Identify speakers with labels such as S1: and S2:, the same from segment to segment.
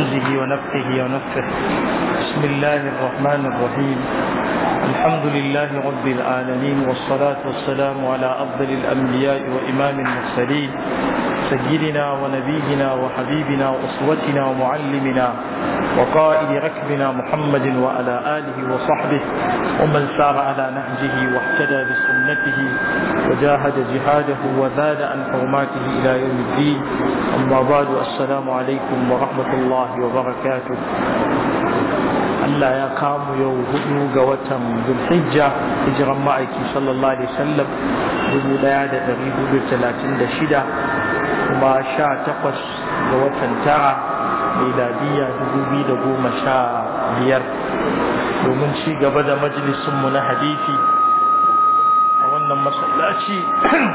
S1: نفسه ونفسه ونفسه بسم الله الرحمن الرحيم الحمد لله رب العالمين والصلاة والسلام على أفضل الأنبياء وإمام المرسلين سيدنا ونبينا وحبيبنا وأسوتنا ومعلمنا وقائد ركبنا محمد وعلى آله وصحبه ومن سار على نهجه واهتدى بسنته وجاهد جهاده وزاد عن حرماته إلى يوم الدين أما بعد السلام عليكم ورحمة الله وبركاته Allah ya kamu yau hudu ga watan Zulhijja hijiran ma'aiki sallallahu alaihi wasallam 1436 kuma sha takwas ga watan tara miladiya dubu biyu da goma sha biyar domin ci gaba da majalisunmu na hadithi a wannan masallaci jami'u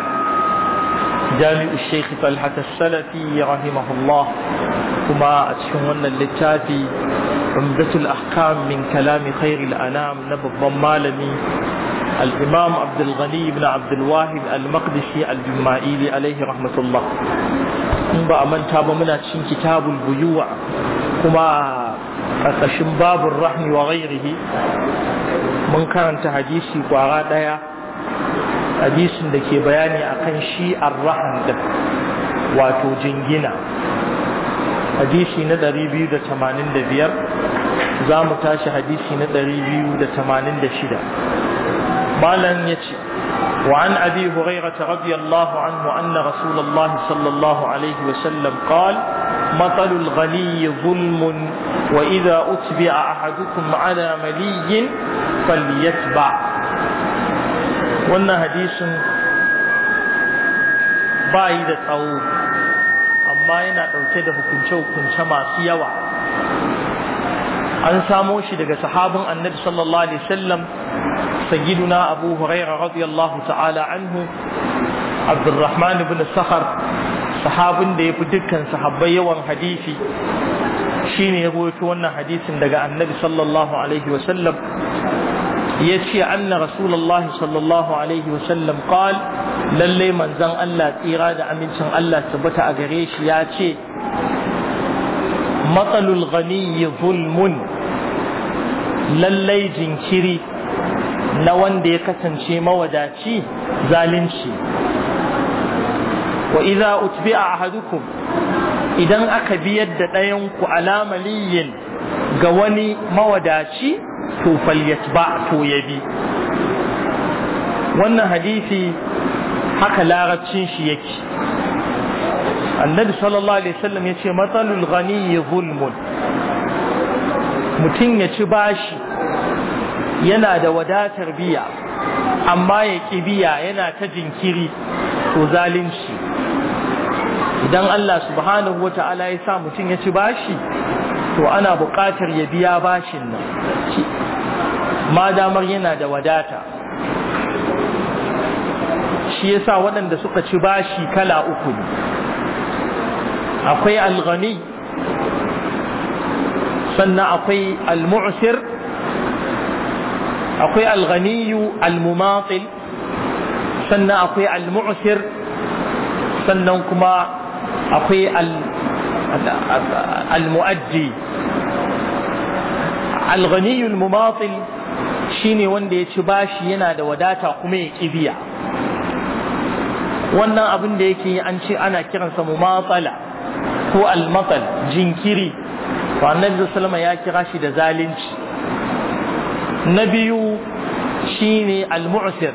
S1: sheikh جامع الشيخ طلحة kuma a cikin wannan littafi اللتافي عمدة min kalami كلام anam na babban malami الإمام عبد الغني بن عبد الواحد المقدسي الجمائيلي عليه رحمة الله ba manta ba muna cin kitabul buyuwa kuma ƙarƙashin babun rahmi wa ghairihi mun karanta hadisi kwara ɗaya hadisin da ke bayani akan shi arrahan da wato jingina hadisi na 285 za mu tashi hadisi na shida. Balan ya ce, Wa’an abi Huraira ta rabi Allah an mu’anna Rasulallah sallallahu Alaihi wasallam kal, matsalul gani zulmun wa iza utubi a ahadukun ma’ana maliyin falliyat ba. Wannan hadisun ba yi da tsawo, amma yana ɗauke da hukunce-hukunce masu yawa. an samo shi daga sahabin annabi sallallahu alaihi wasallam sayyiduna abu huraira radiyallahu ta'ala anhu abdurrahman ibn sakhar sahabin da yafi dukkan sahabbai yawan hadisi shine ya rawaito wannan hadisin daga annabi sallallahu alaihi wasallam yace anna rasulullahi sallallahu alaihi wasallam qal lalle manzon Allah tsira da amincin Allah tabbata a gare shi yace matsalul ghani zulmun lallai jinkiri na wanda ya kasance mawadaci zalunci wa utbi a ahadukum idan aka biyar da ɗayan ku alamaliyin ga wani mawadaci to falyatba to bi. wannan hadisi haka larabcin shi yake annabi sallallahu alaihi wasallam yace matsalul ghani zulmun mutum ya ci bashi yana da wadatar biya amma ya ƙi biya yana ta jinkiri to zalunci idan Allah subhanahu wa ta'ala ya sa mutum ya ci bashi to ana buƙatar ya biya bashin nan ma damar yana da wadata shi yasa waɗanda suka ci bashi kala uku ne akwai alghani فن عطي المعسر عطي الغني المماطل فن عطي المعسر فنكما عطي المؤدي الغني المماطل شيني وندي تشباشي ينا دوداتا قمي كبيا وانا ابن ديكي انشي انا كرنس مماطلة هو المطل جنكيري to annabi sallama ya kira shi da zalunci na biyu shine al-mu'sir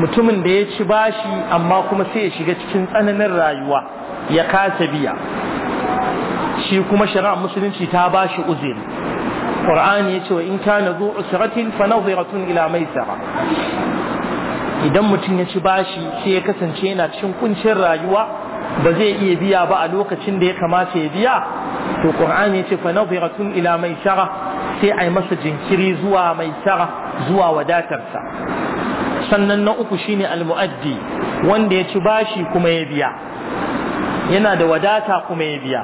S1: mutumin da ya ci bashi amma kuma sai ya shiga cikin tsananin rayuwa ya kasa biya shi kuma shari'ar musulunci ta bashi uzuri qur'ani yace wa in kana zu usratin fa nadhiratun ila maisara idan mutum ya ci bashi sai ya kasance yana cikin kuncin rayuwa ba zai iya biya ba a lokacin da ya kamata ya biya to qur'ani yace fa nadhiratun ila mai shara sai ai masa jinkiri zuwa mai shara zuwa wadatarsa sannan na uku shine almuaddi wanda ya ci bashi kuma ya biya yana da wadata kuma ya biya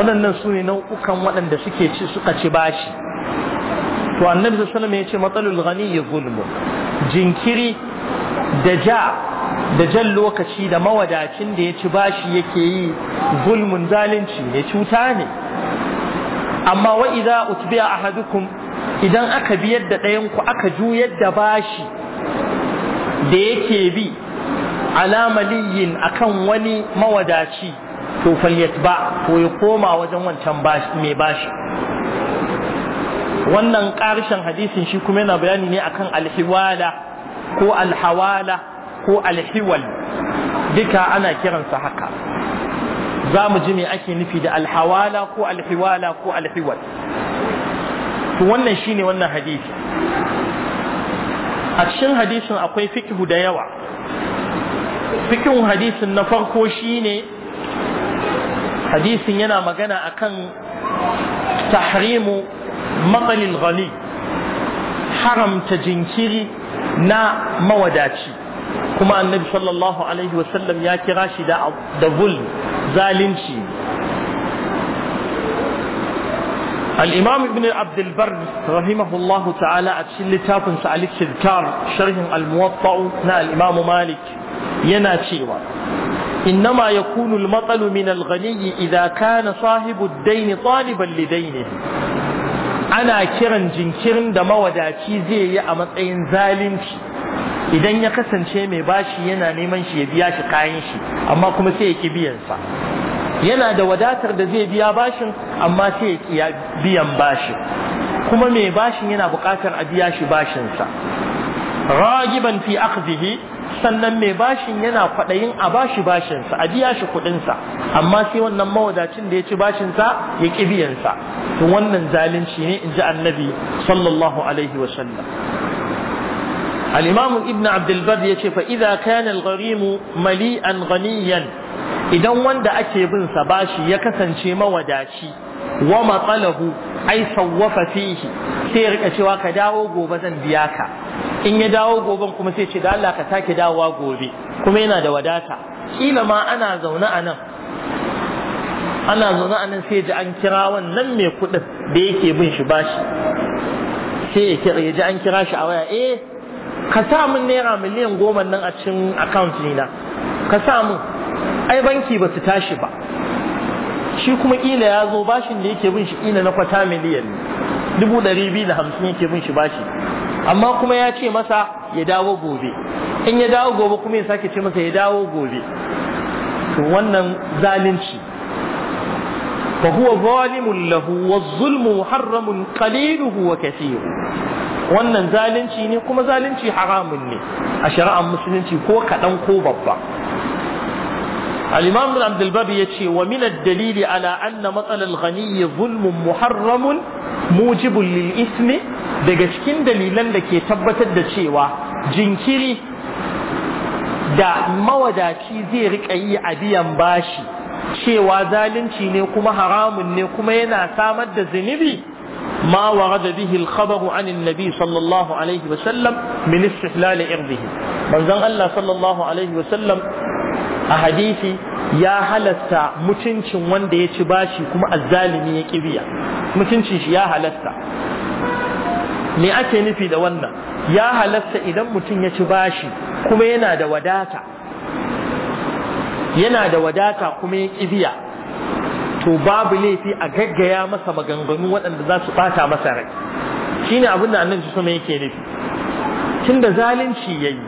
S1: waɗannan su ne nau'ukan waɗanda suke ci suka ci bashi to annabi sallallahu alaihi wasallam ya ce matsalul ghani ya zulmu jinkiri da ja da jan lokaci da mawadacin da ya ci bashi yake yi gulmun zalunci ne cuta ne amma wa'iza idza ahadukum idan aka biyar da ɗayan ku aka juyar da bashi da yake bi alamaliyin akan wani mawadaci to falyatba ko ya koma wajen wancan mai bashi wannan ƙarshen hadisin shi kuma yana bayani ne akan alhiwala ko alhawala ko alhiwal duka ana kiransa haka za mu ji me ake nufi da alhawala ko alhiwala ko alhiwal to wannan shine wannan hadisi a cikin hadisin akwai fikihu da yawa fikihun hadisin na farko shine hadisin yana magana akan tahrimu maƙalin ghali haramta jinkiri na mawadaci kuma annabi sallallahu alaihi wasallam ya kira shi da zul zalunci الإمام ابن عبد البر رحمه الله تعالى أتشل لتافن سعليك تذكار شرح الموطأ نا الإمام مالك يناتشيوا إنما يكون المطل من الغني إذا كان صاحب الدين طالبا لدينه أنا كرن جنكرن دما وداتي زي أمت أين ذالنشي idan ya kasance mai bashi yana neman shi ya biya shi kayan shi amma kuma sai ya ki sa. yana da wadatar da zai biya bashin amma sai ya ki biyan bashin kuma mai bashin yana buƙatar a biya shi bashin bashinsa ragiban fi akhdhihi sannan mai bashin yana kwaɗayin a bashi sa a biya shi sa amma sai wannan mawadacin da ya ci bashin sa ya ƙi sa. to wannan zalunci ne inji annabi sallallahu alaihi wa sallam al-imam ibn abd al-bar yace fa idza kana al-gharim mali'an ghaniyan idan wanda ake bin sa bashi ya kasance mawadaci wa matsalahu ai sawwafa fihi sai rika cewa ka dawo gobe zan biya ka in ya dawo goben kuma sai ce da Allah ka sake dawo gobe kuma yana da wadata kila ma ana zaune a nan ana zaune a nan sai ji an kira mai kuɗin da yake bin shi bashi sai ya ji an kira shi a waya e. ka sa min naira miliyan goma nan a cikin account na ka sa min ai banki ba su tashi ba shi kuma kila ya zo bashin da yake bin shi kila na kwata miliyan dubu ɗari biyu da hamsin yake bin shi bashi amma kuma ya ce masa ya dawo gobe in ya dawo gobe kuma ya sake ce masa ya dawo gobe to wannan zalunci fa huwa zalimun lahu wa zulmu muharramun qalilu wa kathiru wannan zalunci ne kuma zalunci haramun ne a shari'ar musulunci ko kaɗan ko babba ya ce wa min dalili dalili الدليل على أن ghani الغني ظلم محرم lil للإثم daga cikin dalilan da ke tabbatar da cewa jinkiri da mawadaci zai rika yi a biyan bashi cewa zalunci ne kuma haramun ne kuma yana samar da zunubi ما ورد به الخبر عن النبي صلى الله عليه وسلم من استحلال إرضه من زن الله صلى الله عليه وسلم أحاديثي يا هلستا متنشن وان دي تباشي كما الظالمي يكبيا متنشن يا هلستا me ake nufi da wannan ya halatta idan mutum ya ci bashi kuma yana da wadata yana da wadata kuma ya ƙibiya to babu laifi a gaggaya masa maganganu waɗanda za su ɓata masa rai shine abin da annabi sama yake nufi tunda zalunci yayi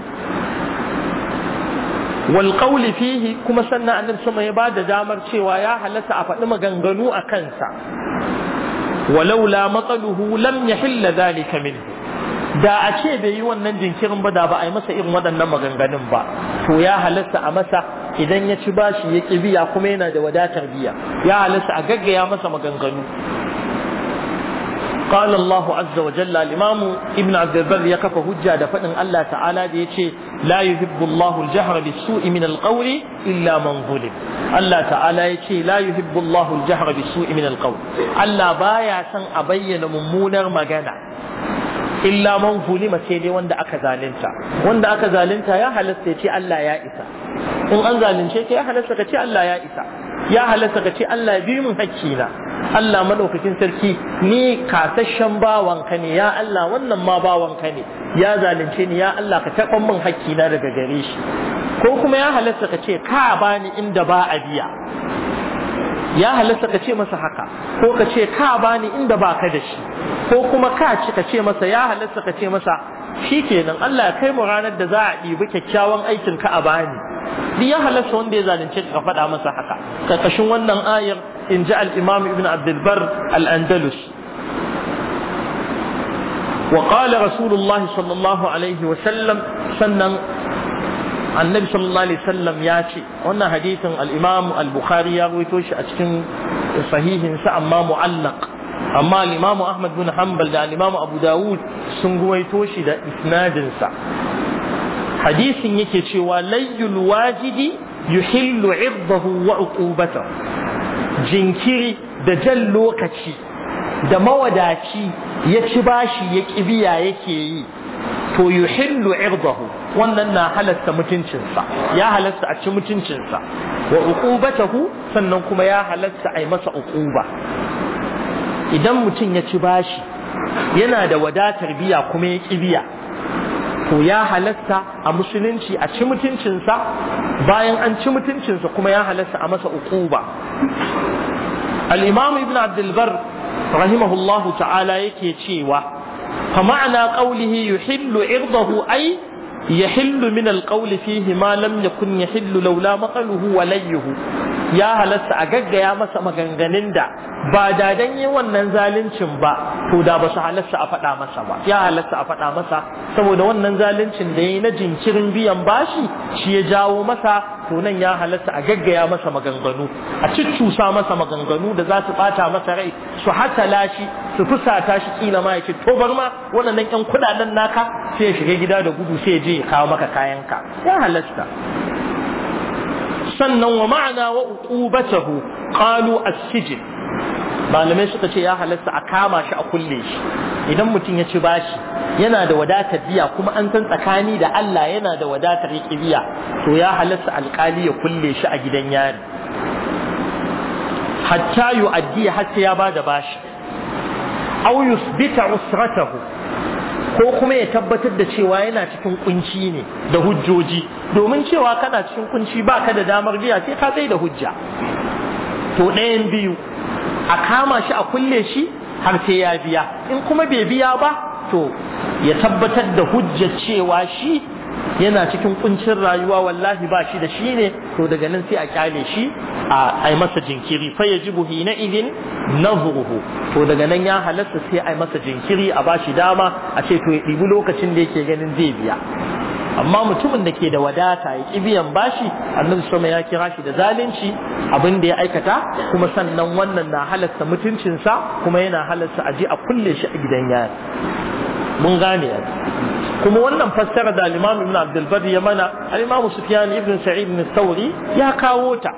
S1: yi. qawli fihi kuma sannan annabi sama ya bada damar cewa ya halatta a faɗi maganganu a kansa walaula matsaluhu lam yahilla dhalika min. da a ce bai yi wannan jinkirin ba da ba a yi masa irin waɗannan maganganun ba to ya halatta a masa idan ya ci bashi ya ƙi biya kuma yana da wadatar biya ya halasta a gaggaya masa maganganu قال الله عز وجل الإمام ابن عبد البر يقف هجة دفن الله تعالى ديتي لا يحب الله الجهر بالسوء من القول إلا من ظلم الله تعالى يتي لا يحب الله الجهر بالسوء من القول الله بايا سن أبين ممونا مغانا illa man hulima sai ne wanda aka zalunta wanda aka zalunta ya halasta ya ce Allah ya isa in an zalunce ka ya halasta ka ce Allah ya isa ya halasta ka ce Allah bi mun na. Allah madaukakin sarki ni kasashen bawanka ne ya Allah wannan ma bawanka ne ya zalunce ni ya Allah ka taɓa min na daga gare shi ko kuma ya halasta ka ce ka bani inda ba a biya ya halasta ka ce masa haka ko ka ce ka bani inda ba ka da shi ko kuma ka ci ka ce masa ya halasta ka ce masa shi kenan Allah ya kai mu ranar da za a ɗibi kyakkyawan aikin ka a bani ni ya halasta wanda ya zalunce ka faɗa masa haka karkashin wannan ayar in ji al-imam ibn abdulbar al-andalus وقال رسول الله صلى الله عليه وسلم annabi sallallahu alaihi wasallam ya ce wannan hadisin al-imam al-bukhari ya rawaito shi a cikin sahihin sa amma mu'allaq amma al-imam ahmad bin hanbal da al-imam abu dawud sun rawaito shi da isnadin sa hadisin yake cewa layyul wajidi yuhillu 'iddahu wa uqubatahu jinkiri da jan lokaci da mawadaci ya ci bashi ya kibiya yake yi to yuhillu 'iddahu wannan na halasta mutuncinsa ya halasta a ci mutuncinsa wa tahu sannan kuma ya halasta a yi masa ukuba. idan mutum ya ci bashi yana da wadatar biya kuma ya ki biya to ya halasta a musulunci a ci mutuncinsa bayan an ci mutuncinsa kuma ya halasta a masa ukuba. al ibn Abdulbar rahimahullahu ta'ala yake cewa fa ma'ana qawlihi yuhillu irdahu ay يحل من القول فيه ما لم يكن يحل لولا مقله وليه ya halatta a gaggaya masa maganganun da ba da dan yi wannan zaluncin ba to da ba su halatta a fada masa ba ya halatta a faɗa masa saboda wannan zaluncin da yi na jinkirin biyan bashi shi ya jawo masa to nan ya halatta a gaggaya masa maganganu a ciccusa masa maganganu da za su bata masa rai su hatala shi su fusata shi kila ma yake to bar ma wannan yan kudaden naka sai ya shiga gida da gudu sai ya je ya kawo maka kayanka ya halatta sannan wa ma'ana wa uqubatahu qalu as-sijn malamai suka ce ya halatta a kama shi a kulle shi idan mutum ya ci bashi yana da wadatar biya kuma an san tsakani da Allah yana da wadatar yake biya to ya halatta alƙali ya kulle shi a gidan yari hatta yu'addi hatta ya bada bashi aw yusbita usratahu ko kuma ya tabbatar da cewa yana cikin kunci ne da hujjoji domin cewa kana cikin kunci ba ka da damar biya sai ka tsaye da hujja to ɗayan biyu a kama shi a kulle shi har sai ya biya in kuma bai biya ba to ya tabbatar da hujjar cewa shi yana cikin kuncin rayuwa wallahi ba shi da shi ne to daga nan sai a kyale shi a ai masa jinkiri fa yajibu hina idin nazruhu to daga nan ya halatta sai a masa jinkiri a bashi dama a ce to ya ɗibi lokacin da yake ganin zai biya amma mutumin da ke da wadata ya ki biyan bashi annabi sama ya kira shi da zalunci abin da ya aikata kuma sannan wannan na halarta mutuncinsa kuma yana halatta a ji a kulle shi a gidan yari mun gane kuma wannan fassara da al-Imam Ibn Abdul Bari ya mana al-Imam Sufyan ibn Sa'id ibn Thawri ya kawo ta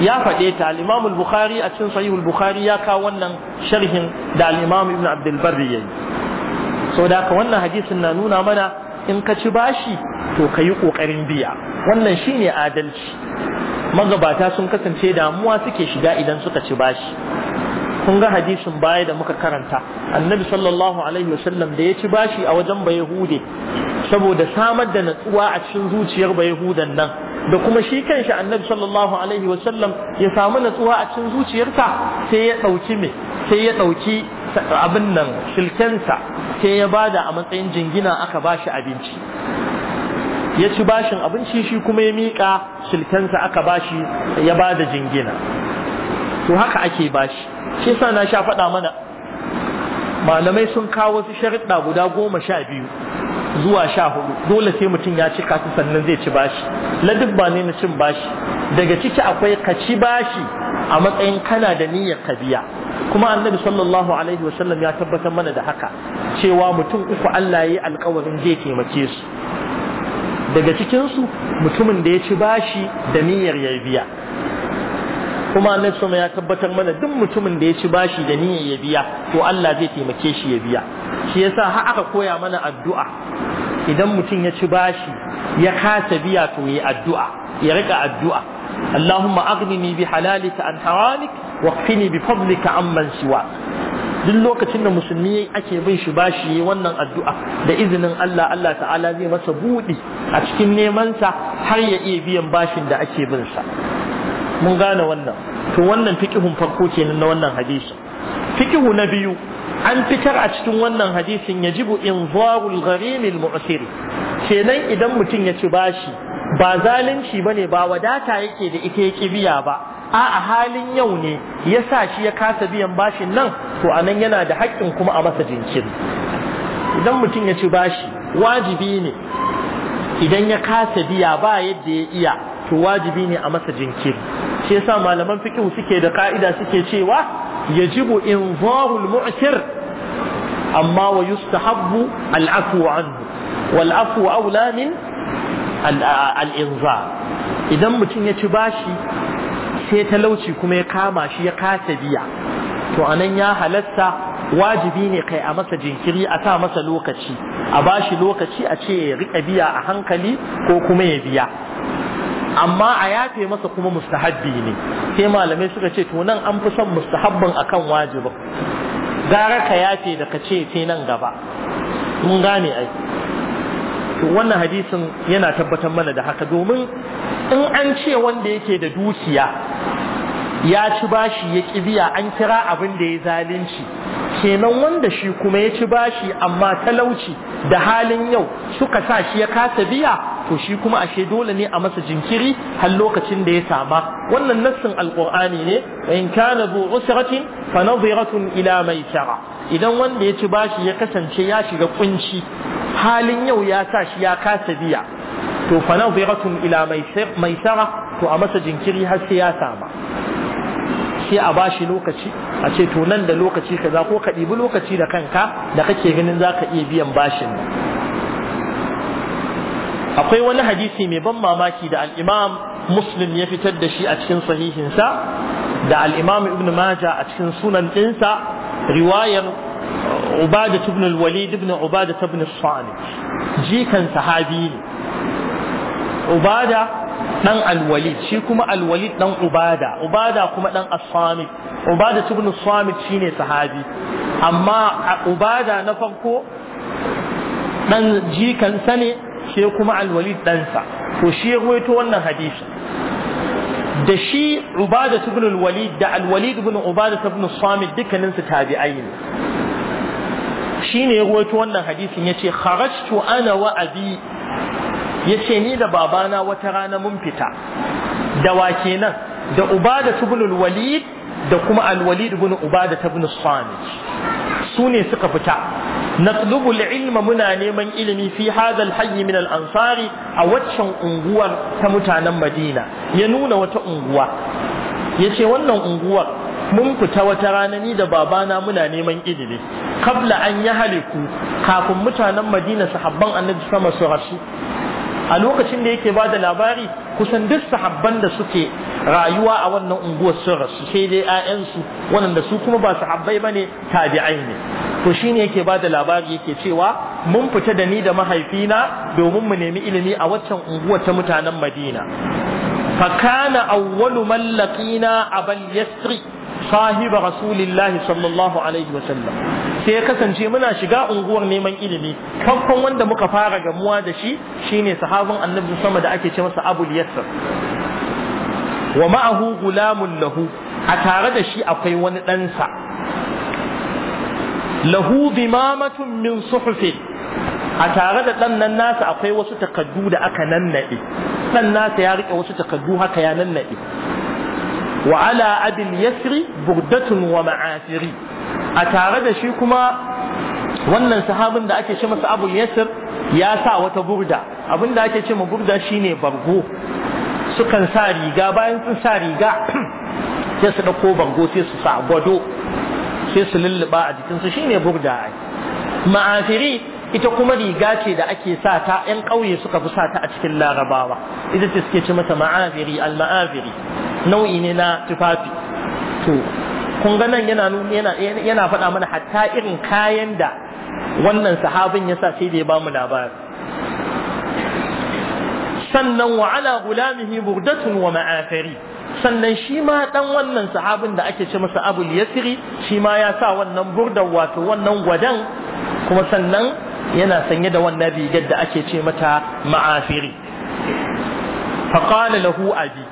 S1: ya faɗe ta al-Imam al-Bukhari a cikin Sahih al-Bukhari ya kawo wannan sharhin da al-Imam Ibn ya yi. yayi da haka wannan hadisin na nuna mana in ka ci bashi to ka yi ƙoƙarin biya wannan shine adalci magabata sun kasance damuwa suke shiga idan suka ci bashi kun ga hadisin baya da muka karanta annabi sallallahu alaihi wasallam da ya ci bashi a wajen bayahude saboda samar da natsuwa a cikin zuciyar bayahudan nan da kuma shi kanshi annabi sallallahu alaihi wasallam ya samu natsuwa a cikin zuciyarsa sai ya ɗauki me sai ya ɗauki abin nan shilkensa sai ya bada a matsayin jingina aka bashi abinci ya ci bashin abinci shi kuma ya miƙa shilkensa aka bashi ya bada jingina to haka ake bashi shi yasa na sha faɗa mana malamai sun kawo wasu sharuɗa guda goma sha biyu zuwa sha hudu dole sai mutum ya cika su sannan zai ci bashi ba ne na cin bashi daga ciki akwai ka ci bashi a matsayin kana da niyyar ka biya kuma annabi sallallahu alaihi wa sallam, ya tabbatar mana da haka cewa mutum uku Allah ya yi alkawarin zai taimake su daga cikinsu mutumin da ya ci bashi da niyyar ya biya kuma annabi sama ya tabbatar mana duk mutumin da ya ci bashi da niyyar ya biya to Allah zai taimake shi ya biya shi yasa har aka koya mana addu'a idan mutum ya ci bashi ya kasa biya to yi addu'a ya rika addu'a Allahumma aghnini bi halalika an haramik waqfini bi fadlika amman siwa duk lokacin da musulmi ake bin shi bashi yi wannan addu'a da izinin Allah Allah ta'ala zai masa buɗi a cikin nemansa har ya iya biyan bashin da ake bin sa mun gane wannan to wannan fiqhun farko kenan na wannan hadisi fiqhu na biyu an fitar a cikin wannan hadisin yajibu inzarul gharimil al kenan idan mutum ya ci bashi ba zalunci bane ba wadata yake da ita yake biya ba a a halin yau ne ya sa shi ya kasa biyan bashin nan to anan yana da haƙƙin kuma a masa jinkiri idan mutum ya ci bashi wajibi ne idan ya kasa biya ba yadda ya iya to wajibi ne a masa jinkiri shi yasa malaman fiqh suke da ka'ida suke cewa yajibu inzarul mu'tir amma wa yustahabbu al'afu anhu wal afu aula min al'inzar idan mutum ya ci bashi sai talauci kuma ya kama shi ya kasa biya to anan ya halatta wajibi ne kai a masa jinkiri a sa masa lokaci a bashi lokaci a ce ya riƙa biya a hankali ko kuma ya biya amma a yafe masa kuma mustahabbi ne sai malamai suka ce to nan an fi son mustahabbin akan wajibin gara ka yafe da ka ce sai nan gaba mun gane ai to wannan hadisin yana tabbatar mana da haka domin in an ce wanda yake da dukiya ya ci bashi ya biya an kira abin da ya zalunci kenan wanda shi kuma ya ci bashi amma talauci da halin yau suka sa shi ya kasa biya to shi kuma ashe dole ne a masa jinkiri har lokacin da ya saba wannan nassin alqur'ani ne wa in kana bu usratin fa nadhiratun ila maisara idan wanda ya ci bashi ya kasance ya shiga kunci halin yau ya sa shi ya kasa biya to fa nadhiratun ila maisara to a masa jinkiri har sai ya saba sai a bashi lokaci a ce to nan da lokaci kaza ko ka ɗibi lokaci da kanka da kake ganin zaka iya biyan bashin nan akwai wani hadisi mai ban mamaki da alimam muslim ya fitar da shi a cikin sahihinsa da al-imam ibn maja a cikin sunan ɗinsa riwayar Ubada ibn walid ibn ubadat ibn salih jikan sahabi ne ubada dan al shi kuma al-walid dan ubada ubada kuma dan as-samit ubada ibn samit shine sahabi amma ubada na farko dan jikan sa ne sai kuma alwalid ɗansa to shi ya ruwaito wannan hadisi da shi ubada ibn alwalid da alwalid ibn ubada ibn samit dukkanin su tabi'ai ne shine ya ruwaito wannan hadisin yace kharajtu ana wa abi yace ni da babana wata rana mun fita da wa kenan da ubada ibn alwalid da kuma al-walid ibn ubada ibn samit su ne suka fita natlubu ilma muna neman ilimi fi hadha al min al-ansari a waccan unguwar ta mutanen madina ya nuna wata unguwa yace wannan unguwar mun fita wata rana ni da babana muna neman ilimi kabla an yi haliku kafin mutanen madina sahabban annabi sama su rasu a lokacin da yake bada labari kusan duk sahabban da suke rayuwa a wannan unguwar sun rasu sai dai 'ya'yansu waɗanda su kuma ba sahabbai ba ne tabi'ai ne to shi ne yake bada labari yake cewa mun fita da ni da mahaifina domin mu nemi ilimi a waccan unguwar ta mutanen Madina fakana awwalu mallakina a abal yasri sahiba rasulillahi sallallahu alaihi wa sallam. sai ya kasance muna shiga unguwar neman ilimi farkon wanda muka fara gamuwa da shi shine sahabin annabi sama da ake ce masa abul yassar wa ma'ahu gulamun lahu a tare da shi akwai wani ɗansa lahu bimamatun min suhufin a tare da ɗan nan nasa akwai wasu takaddu da aka nannaɗe ɗan nasa ya riƙe wasu takaddu haka ya nannaɗe wa ala abil yasri burdatun wa ma'asiri a tare da shi kuma wannan sahabin da ake ce masa abul yasir ya sa wata burda abin da ake ce burda shine bargo sukan sa riga bayan sun sa riga sai su dauko bargo sai su sa gwado sai su lulluɓa a jikinsu shine burda ma'asiri ita kuma riga ce da ake sa ta yan ƙauye suka fi sa ta a cikin larabawa ita ce suke ci mata ma'afiri al-ma'afiri nau'i ne na tufafi to kun ga nan yana yana faɗa mana hatta irin kayan da wannan sahabin ya sa sai da ya ba mu labari sannan wa ala gulamihi burdatun wa ma'afiri sannan shi ma ɗan wannan sahabin da ake ce masa abul yasiri shi ma ya sa wannan burdan wato wannan gwadan kuma sannan yana sanye da wannan rigar da ake ce mata ma'afiri faƙala lahu abi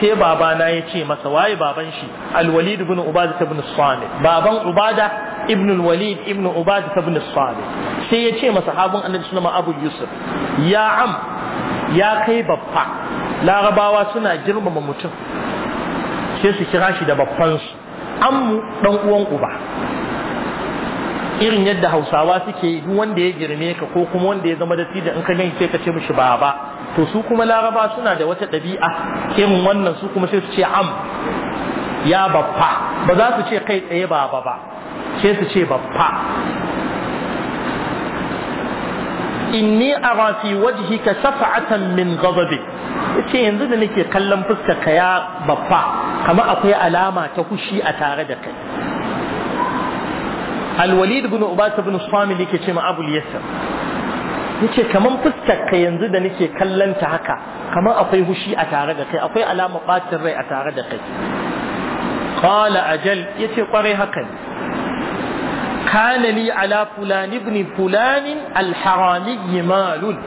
S1: sai babana ya ce masa waye baban shi alwalid ibn ubada ibn salih baban ubada ibn alwalid ibn ubada ibn salih sai ya ce masa habun annabi sunama abu yusuf ya am ya kai babba larabawa suna girmama mutum sai su kira shi da babbansu ammu dan uwan uba irin yadda hausawa suke duk wanda ya girme ka ko kuma wanda ya zama da in ka gani sai ka ce mishi baba to su kuma laraba suna da wata ɗabi'a irin wannan su kuma sai su ce am ya babba ba za su ce kai tsaye baba ba sai su ce babba inni ara fi wajhika safa'atan min ghadabi yace yanzu da nake kallon fuskar ka ya babba kamar akwai alama ta kushi a tare da kai alwalid bin ubata bin swami yake ce ma abul yasir yace kaman fuskar ka yanzu da nake kallon ta haka kaman akwai hushi a tare da kai akwai alama bacin rai a tare da kai qala ajal yace kwarai haka ne kana li ala fulan ibn fulan malun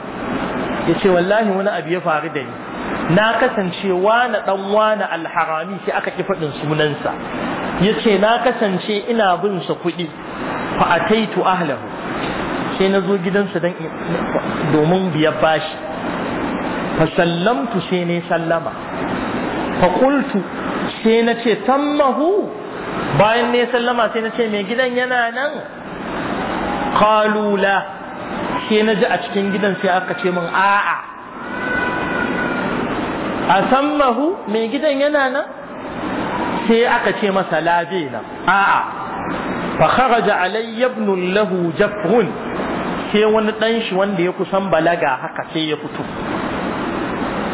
S1: yace wallahi wani abu ya faru da ni na kasance wani dan wani Alharami sai aka ki faɗin sunansa yace na kasance ina bin sa kuɗi fa ataitu ahlahu sai na zo gidansa dan domin biyar bashi fa sallamtu sai ne sallama fa qultu sai na ce tammahu bayan ne sallama sai na ce mai gidan yana nan qalu la sai na ji a cikin gidan sai aka ce min a'a a sammahu mai gidan yana nan sai aka ce masa la na a'a fa kharaja alayya ibn lahu jafrun sai wani dan shi wanda ya kusan balaga haka sai ya fito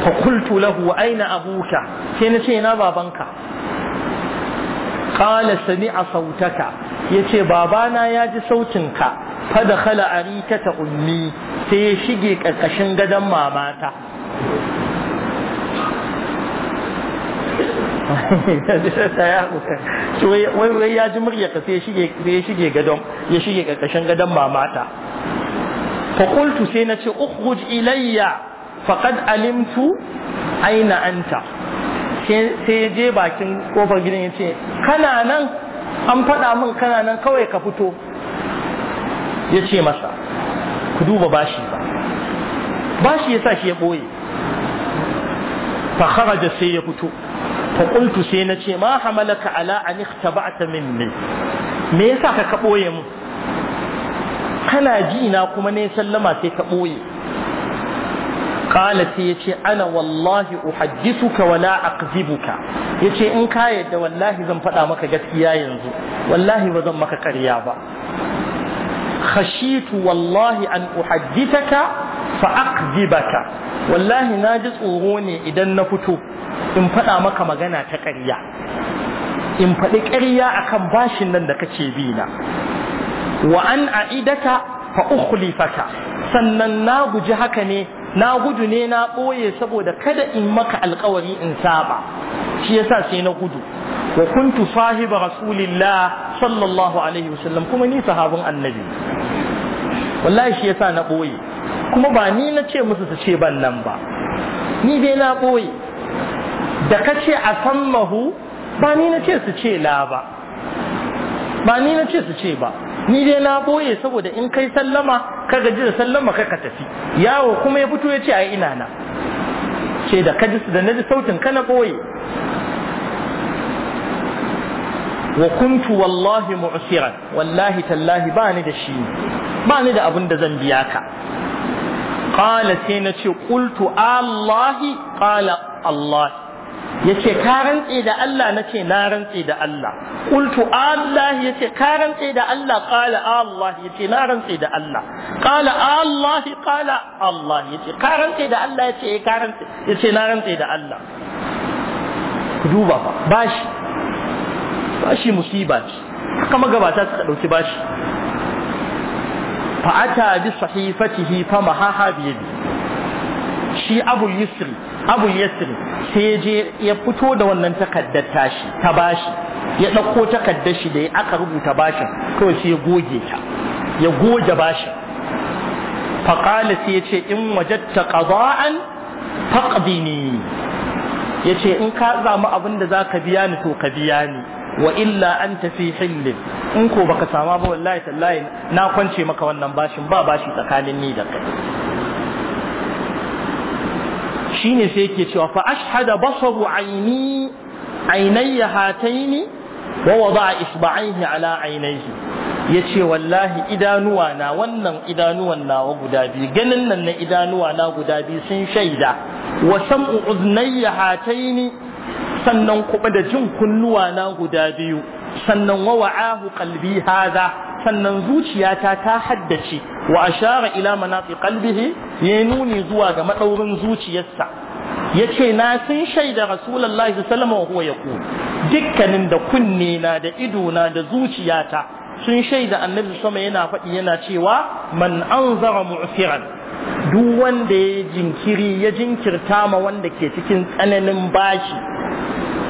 S1: fa qultu lahu aina abuka sai na ce ina babanka qala sami'a sautaka yace babana ya ji sautinka fa dakhala arikata ummi sai ya shige karkashin gadon mamata wai wai ya ji ka sai ya shige gadon ya shige karkashin gadon mamata fa qultu sai nace ukhruj ilayya faqad alimtu aina anta sai ya je bakin kofar gidan ya ce kana nan an faɗa min kana nan kawai ka fito ya ce masa ku duba bashi ba bashi ya sa shi ya ɓoye fa kharaja sai ya fito fa sai na ce ma hamalaka ala an ikhtaba'ta minni me yasa ka ka boye mu kana ji na kuma ne sallama sai ka boye qala sai yace ana wallahi uhaddithuka wala aqzibuka yace in ka yadda wallahi zan faɗa maka gaskiya yanzu wallahi ba zan maka karya ba khashitu wallahi an uhaddithaka fa aqzibaka wallahi na ji tsoro ne idan na fito in faɗa maka magana ta ƙarya in faɗi ƙarya akan bashin nan da kake bi na wa an a'idata fa ukhlifaka sannan na guji haka ne na gudu ne na ɓoye saboda kada in maka alƙawari in saba shi yasa sai na gudu wa kuntu sahiba rasulillah sallallahu alaihi wasallam kuma ni sahabin annabi wallahi shi yasa na ɓoye kuma ba ni na ce musu su ce ban nan ba ni dai na ɓoye da ka ce a sammahu ba ni na ce su ce la ba ba ni na ce su ce ba ni dai na boye saboda in kai sallama ka gaji da sallama kai ka tafi yawo kuma ya fito ya ce ai ina na ce da ka ji da na ji sautin ka na boye wa kuntu wallahi mu'siran wallahi tallahi ba ni da shi ba ni da abin da zan biya ka qala sai na ce qultu allahi qala allahi yace ka rantse da Allah nace na rantse da Allah qultu Allah yace ka rantse da Allah qala Allah yace na rantse da Allah qala Allah qala Allah yace ka rantse da Allah yace eh, ka rantse yace na rantse da Allah ku duba fa bashi bashi musiba ce haka magabata suka dauki bashi Fa fa'ata bi sahifatihi fa mahaha bi shi abu yusri abu yasir sai ya je ya fito da wannan takaddar tashi ta bashi ya ɗauko takaddar shi da ya aka rubuta bashin kawai sai ya goge ta ya goge bashin faƙali sai ya ce in wajatta qada'an faqdini ya ce in ka zama abin da za ka biya ni to ka biya ni wa illa an tafi hillin in ko baka sama ba wallahi tallahi na kwance maka wannan bashin ba bashi tsakanin ni da kai shine sai yake cewa fa ashhada basaru aini ainayya hataini wa wada'a isba'aihi ala ainaihi yace wallahi idanuwa na wannan idanuwan nawa guda biyu ganin nan na idanuwa na guda biyu sun shaida wa sam'u uznayya hataini sannan kuma da jin kunnuwa na guda biyu sannan wa wa'ahu qalbi hadha sannan zuciyata ta haddace wa ashara ila manafi qalbihi ya nuni zuwa ga madaurin zuciyarsa ya ce na sun shaida Rasulallah sallallahu alaihi wa dukkanin da kunne na da ido na da zuciyata sun shaida annabi sama yana faɗi yana cewa man an zara mu'siran duk wanda ya jinkiri ya jinkirta ma wanda ke cikin tsananin bashi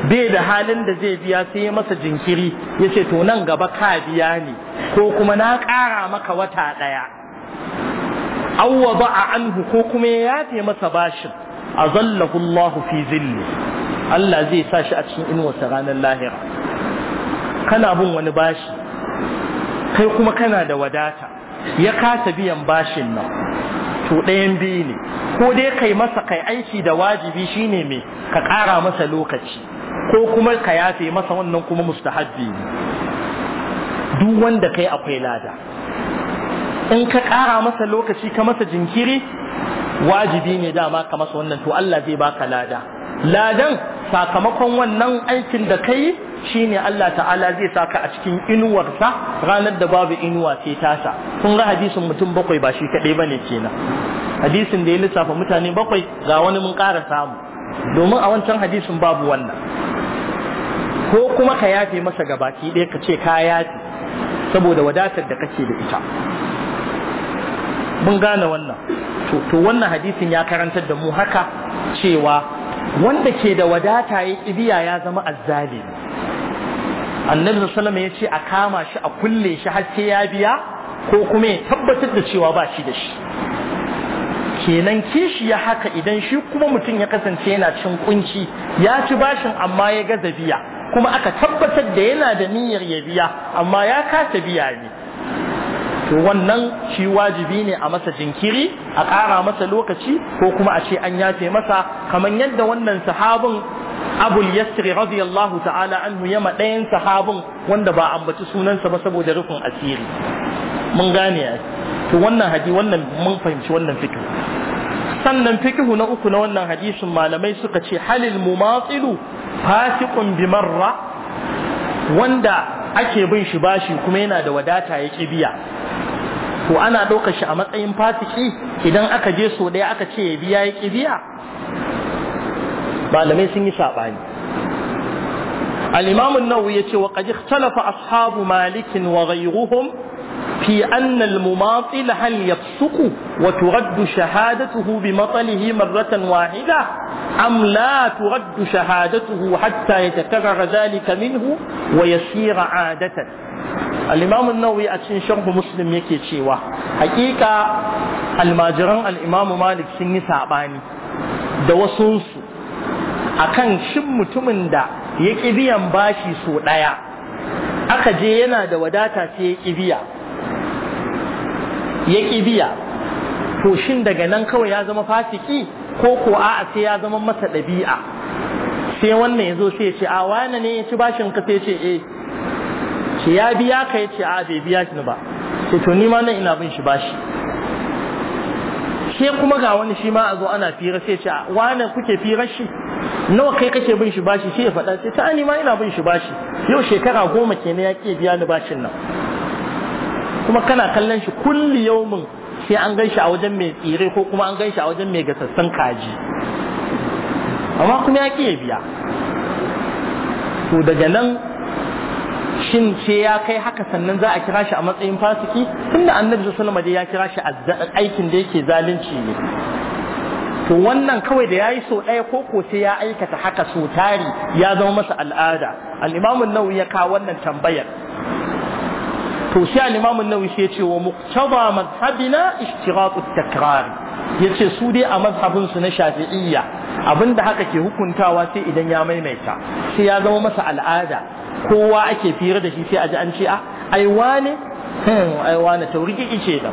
S1: bai da halin da zai biya sai ya masa jinkiri ya ce to nan gaba ka biya ne ko kuma na ƙara maka wata ɗaya aw wada'a anhu ko kuma ya yafe masa bashin azallahu Allah fi zilli Allah zai sa shi a cikin ta ranar lahira kana bin wani bashi kai kuma kana da wadata ya kasa biyan bashin nan to ɗayan biyu ne ko dai kai masa kai aiki da wajibi shine me ka ƙara masa lokaci ko kuma ka yafe masa wannan kuma mustahabbi ne duk wanda kai akwai lada in ka ƙara masa lokaci ka masa jinkiri wajibi ne dama ka masa wannan to Allah zai baka lada ladan sakamakon wannan aikin da kai shine Allah ta'ala zai saka a cikin inuwarsa ranar da babu inuwa sai tasa kun ga hadisin mutum bakwai ba shi kaɗai bane kenan hadisin da ya lissafa mutane bakwai ga wani mun ƙara samu domin a wancan hadisin babu wannan ko kuma ka yafe masa gabaki ɗaya ka ce ka yafe saboda wadatar da kake da ita mun gane wannan to wannan hadisin ya karantar da mu haka cewa wanda ke da wadata ya kibiya ya zama azzali annabi sallallahu ya ce a kama shi a kulle shi har sai ya biya ko kuma ya tabbatar da cewa ba shi da shi kenan kishi ya haka idan shi kuma mutum ya kasance yana cin kunci ya ci bashin amma ya gaza biya kuma aka tabbatar da yana da niyyar ya biya amma ya kasa biya ne to wannan shi wajibi ne a masa jinkiri a ƙara masa lokaci ko kuma a ce an yafe masa kamar yadda wannan sahabin abul yasri radiyallahu ta'ala anhu yama ɗayan sahabin wanda ba ambaci sunansa ba saboda rufin asiri mun gane to wannan haji wannan mun fahimci wannan fikir sannan fikihu na uku na wannan hadisin malamai suka ce halil mumatsilu fasiqun bi marra wanda ake bin shi bashi kuma yana da wadata ya ke biya ko ana ɗaukar shi a matsayin fasiki idan aka je so ɗaya aka ce ya biya ya ke biya malamai sun yi saɓani al-imam ya nawawi yace wa qad ikhtalafa ashabu malikin wa ghayruhum في أن المماطل هل يفسق وترد شهادته بمطله مرة واحدة أم لا ترد شهادته حتى يتكرر ذلك منه ويسير عادة الإمام النووي أتشين شرح مسلم يكي شيوا حقيقة الماجران الإمام مالك سنة ساباني دوسنسو akan shin mutumin da ya ƙi biyan bashi so ɗaya aka je yana da wadata sai ya ya ƙi biya to shin daga nan kawai ya zama fasiki ko ko a'a sai ya zama masa ɗabi'a sai wannan ya zo sai ya ce a wani ne ya ci bashin ka sai ce eh ya biya ka ya ce a bai biya shi ba sai to ni ma nan ina bin shi bashi sai kuma ga wani shi ma a zo ana fira sai ce a Wani kuke firar shi nawa kai kake bin shi bashi sai ya faɗa sai ta ni ma ina bin shi bashi yau shekara goma kenan ya ke biya ni bashin nan kuma kana kallon shi kulli yaumin sai an gan shi a wajen mai tsire ko kuma an gan a wajen mai gasassan kaji amma kuma ya ya biya to daga nan shin ce ya kai haka sannan za a kira shi a matsayin fasiki tunda annabi sallama dai ya kira shi aikin da yake zalunci ne to wannan kawai da yayi so ɗaya ko ko sai ya aikata haka so tari ya zama masa al'ada al imamu an-nawawi ya kawo wannan tambayar to sai al-imam an-nawawi sai yace wa muqtada madhhabina ya at-takrar yace su dai a mazhabin su na shafi'iyya abinda haka ke hukuntawa sai idan ya maimaita sai ya zama masa al'ada kowa ake fira da shi sai a ji an ce a ah, ai wane hmm, ai wane tauriki ce da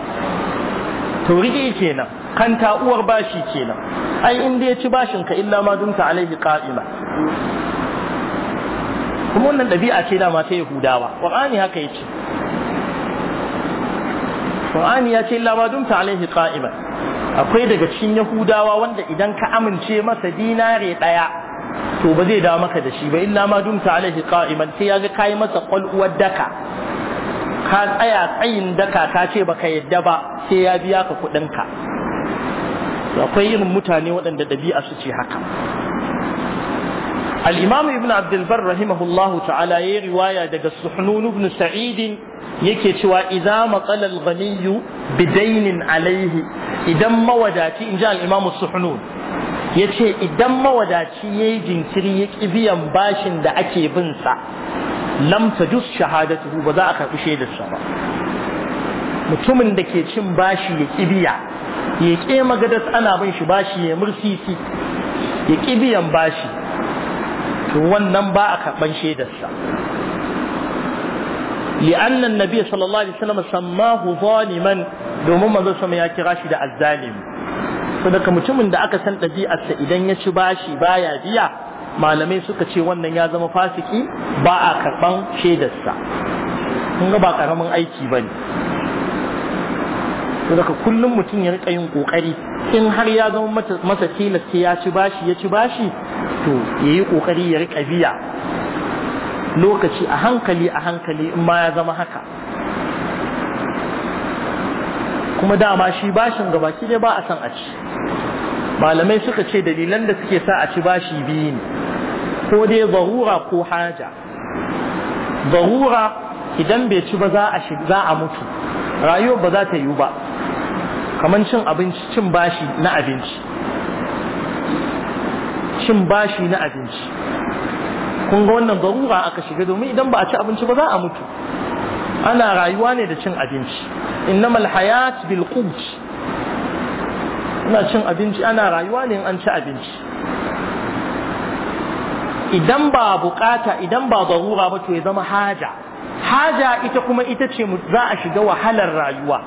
S1: tauriki kenan kanta uwar bashi kenan ai inda ya ci bashin ka illa ma dunta alaihi qa'ima kuma wannan ɗabi'a ce dama ta Yahudawa Qur'ani haka yace Qur'ani ya ce illa ma dumta alaihi qa'iman akwai daga cikin Yahudawa wanda idan ka amince masa dinare daya to ba zai dawo maka da shi ba illa ma dumta alaihi qa'iman sai ya ga kai masa kwalwar daka ka tsaya tsayin daka ka ce baka yadda ba sai ya biya ka kuɗin ka akwai irin mutane waɗanda ɗabi'a su ce haka Ibn ابن عبد البر rahimahullahu ta'ala yayi riwaya daga السحنون بن سعيد yake cewa iza matsalar al bidainin alaihi idan mawadaci inji al-imam suhnun yace idan mawadaci yayi jinkiri ya biyan bashin da ake bin sa duk shahadatu shahadatuhu ba za a karbi shaidar sa ba mutumin da ke cin bashi ya kibiya ya ke magadas ana bin shi bashi ya mursisi ya kibiyan bashi to wannan ba a karban shaidarsa لأن النبي صلى الله عليه وسلم سماه ظالما domin manzo sama ya kira shi da azzalim saboda mutumin da aka san ɗabi'arsa idan ya ci bashi baya biya malamai suka ce wannan ya zama fasiki ba a karɓan shaidarsa kun ga ba ƙaramin aiki ba ne saboda kullum mutum ya riƙa yin ƙoƙari in har ya zama masa tilas ya ci bashi ya ci bashi to ya yi ƙoƙari ya riƙa biya lokaci a hankali a hankali in ma ya zama haka kuma dama shi bashin gaba shi dai ba a san a ci malamai suka ce dalilan da suke sa a ci bashi biyu ne ko dai zarura ko haja zarura idan bai ci ba za a mutu rayuwa ba za ta yiwu ba kamar cin abinci cin bashi na abinci cin bashi na abinci kun ga wannan garura aka shiga domin idan ba a ci abinci ba za a mutu ana rayuwa ne da cin abinci innamal hayat bil qut ana cin abinci ana rayuwa ne in an ci abinci idan ba bukata idan ba garura ba to ya zama haja haja ita kuma ita ce za a shiga wahalar rayuwa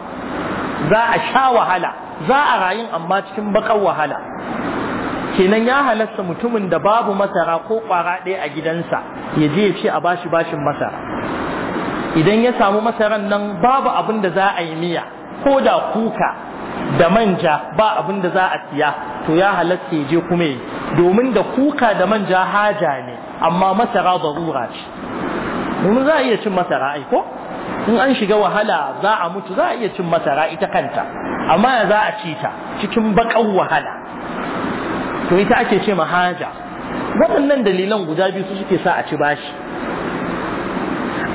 S1: za a sha wahala za a rayu amma cikin bakar wahala kenan ya halasta mutumin da babu masara ko kwara ɗaya a gidansa ya je ya ce a bashi bashin masara idan ya samu masaran nan babu abin da za a yi miya ko da kuka da manja ba abin da za a siya to ya halasta ya je kuma yi domin da kuka da manja haja ne amma masara zarura ce domin za a iya cin masara ai ko in an shiga wahala za a mutu za a iya cin masara ita kanta amma za a ci ta cikin baƙar wahala to ita ake ce mahaja waɗannan dalilan guda biyu su suke sa a ci bashi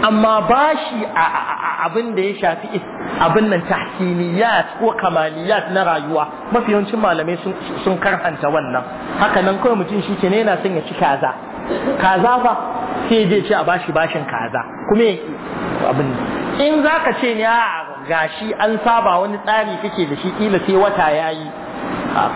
S1: amma bashi a abin da ya shafi abin nan tahsiniyat ko kamaliyat na rayuwa mafi yawancin malamai sun karhanta wannan haka nan kawai mutum shi ne yana son ya ci kaza kaza ba sai je ce a bashi bashin kaza kuma abin in zaka ce ne a gashi an saba wani tsari kake da shi kila sai wata yayi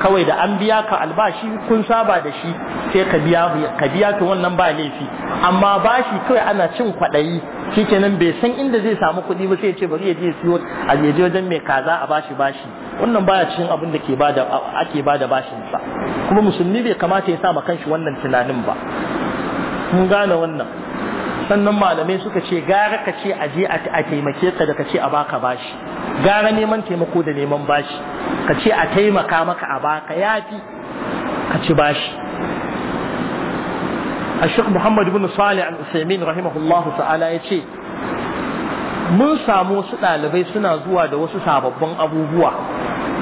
S1: kawai da an biya ka albashi kun saba da shi sai ka biya ka biya wannan ba laifi amma bashi kawai ana cin kwaɗayi shikenan bai san inda zai samu kuɗi ba sai ya ce bari ya je siyo a je wajen mai kaza a bashi bashi wannan baya cikin abin da ke bada ake bada bashin sa kuma musulmi bai kamata ya sa ma kanshi wannan tunanin ba mun gane wannan sannan malamai suka ce gara ka ce a je a taimake ka da ka ce a baka bashi gara neman taimako da neman bashi ka ce a taimaka maka a baka yafi ka ci bashi الشيخ محمد بن صالح الأسيمين رحمه الله ya ce mun samu wasu ɗalibai suna zuwa da wasu sababbin abubuwa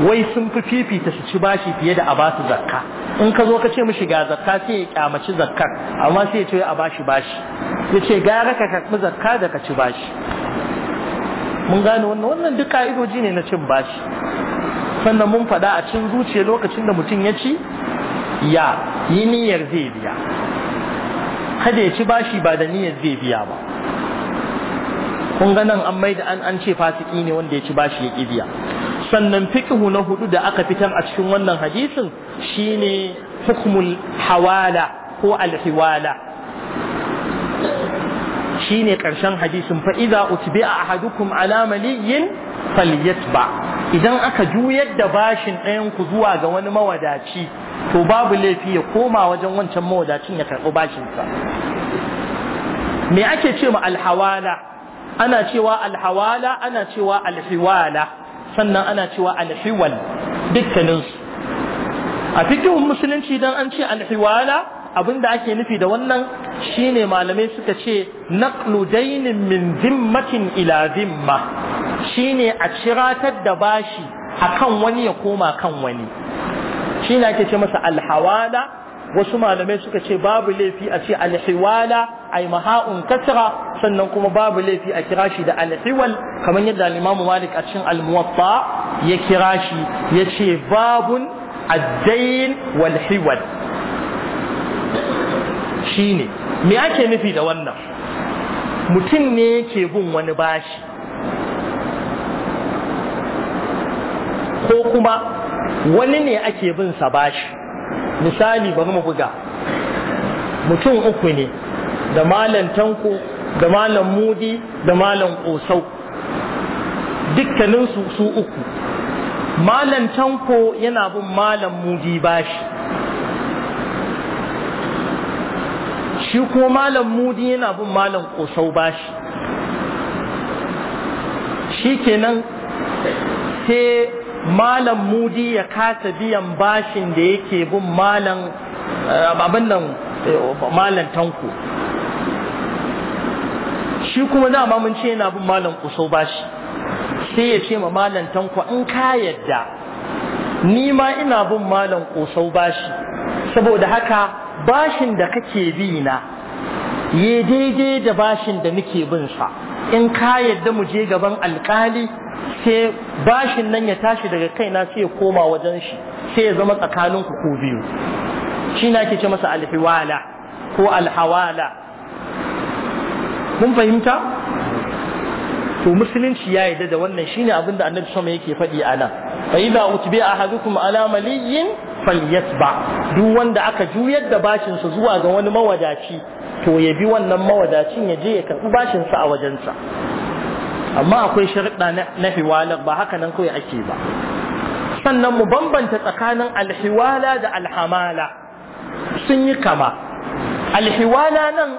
S1: wai sun fi fifita su ci bashi fiye da a ba su zakka in ka zo ka ce mishi ga zakka sai ya kyamaci zakkar amma sai ya ce a bashi bashi ya ce gara ka karɓi zakka da ka ci bashi mun gane wannan duk ka'idoji ne na cin bashi sannan mun faɗa a cin zuciya lokacin da mutum ya ci ya yi niyyar zai biya kada ya ci bashi ba da niyyar zai biya ba kun an mai da an ce fasiki ne wanda ya ci bashi ya biya sannan fiƙihu na hudu da aka fitar a cikin wannan hadisin shine hukmul hawala ko alhiwala shine karshen hadisin fa idza utbi'a ahadukum ala maliyin falyatba idan aka juyar da bashin ɗayan ku zuwa ga wani mawadaci to babu laifi ya koma wajen wancan mawadacin ya karɓi sa. me ake ce ma alhawala ana cewa alhawala ana cewa alhiwala sannan ana cewa alhiwal dukkaninsu a fikihun musulunci dan an ce alhiwala abinda ake nufi da wannan shine malamai suka ce naqlu dainin min zimmatin ila zimma shine a ciratar da bashi akan wani ya koma kan wani shine ake ce masa alhawala wasu malamai suka ce babu laifi a ce alhiwala ay maha'un kasra sannan kuma babu laifi a kira shi da alhiwal kamar yadda al-Imam Malik a cikin al-Muwatta ya kira shi yace babun ad-dayn wal hiwal Shi ne me ake nufi da wannan mutum ne ke bin wani bashi ko kuma wani ne ake bin sa bashi misali bari mu buga mutum uku ne da malam tanko da malam mudi da malam kosau dukkaninsu su uku malam tanko yana bin malam mudi bashi shi ko malam mudi yana bin malam kosau bashi shi kenan sai malam mudi ya kasa biyan bashin da yake bin malam eh, abin nan eh, malam tanko shi kuma dama mun ce yana bin malam ƙosau bashi sai ya ce ma malam tanko in ka yadda ni ma ina bin malam ƙosau bashi saboda haka bashin da kake bi na ya daidai da bashin da muke bin sa in ka yadda mu je gaban alkali sai bashin nan ya tashi daga kaina sai ya koma wajen shi sai ya zama tsakanin ku ko biyu shi na ke ce masa alhiwala ko alhawala mun fahimta to musulunci ya yarda da wannan shine abin da annabi sama yake faɗi a nan fa idza utbi ahadukum ala maliyin ba duk wanda aka juyar da bashin sa zuwa ga wani mawadaci to ya bi wannan mawadacin ya je ya karbi bashin sa a wajensa amma akwai sharuɗa na hiwala ba haka nan kawai ake ba sannan mu bambanta tsakanin alhiwala da alhamala sun yi kama alhiwala nan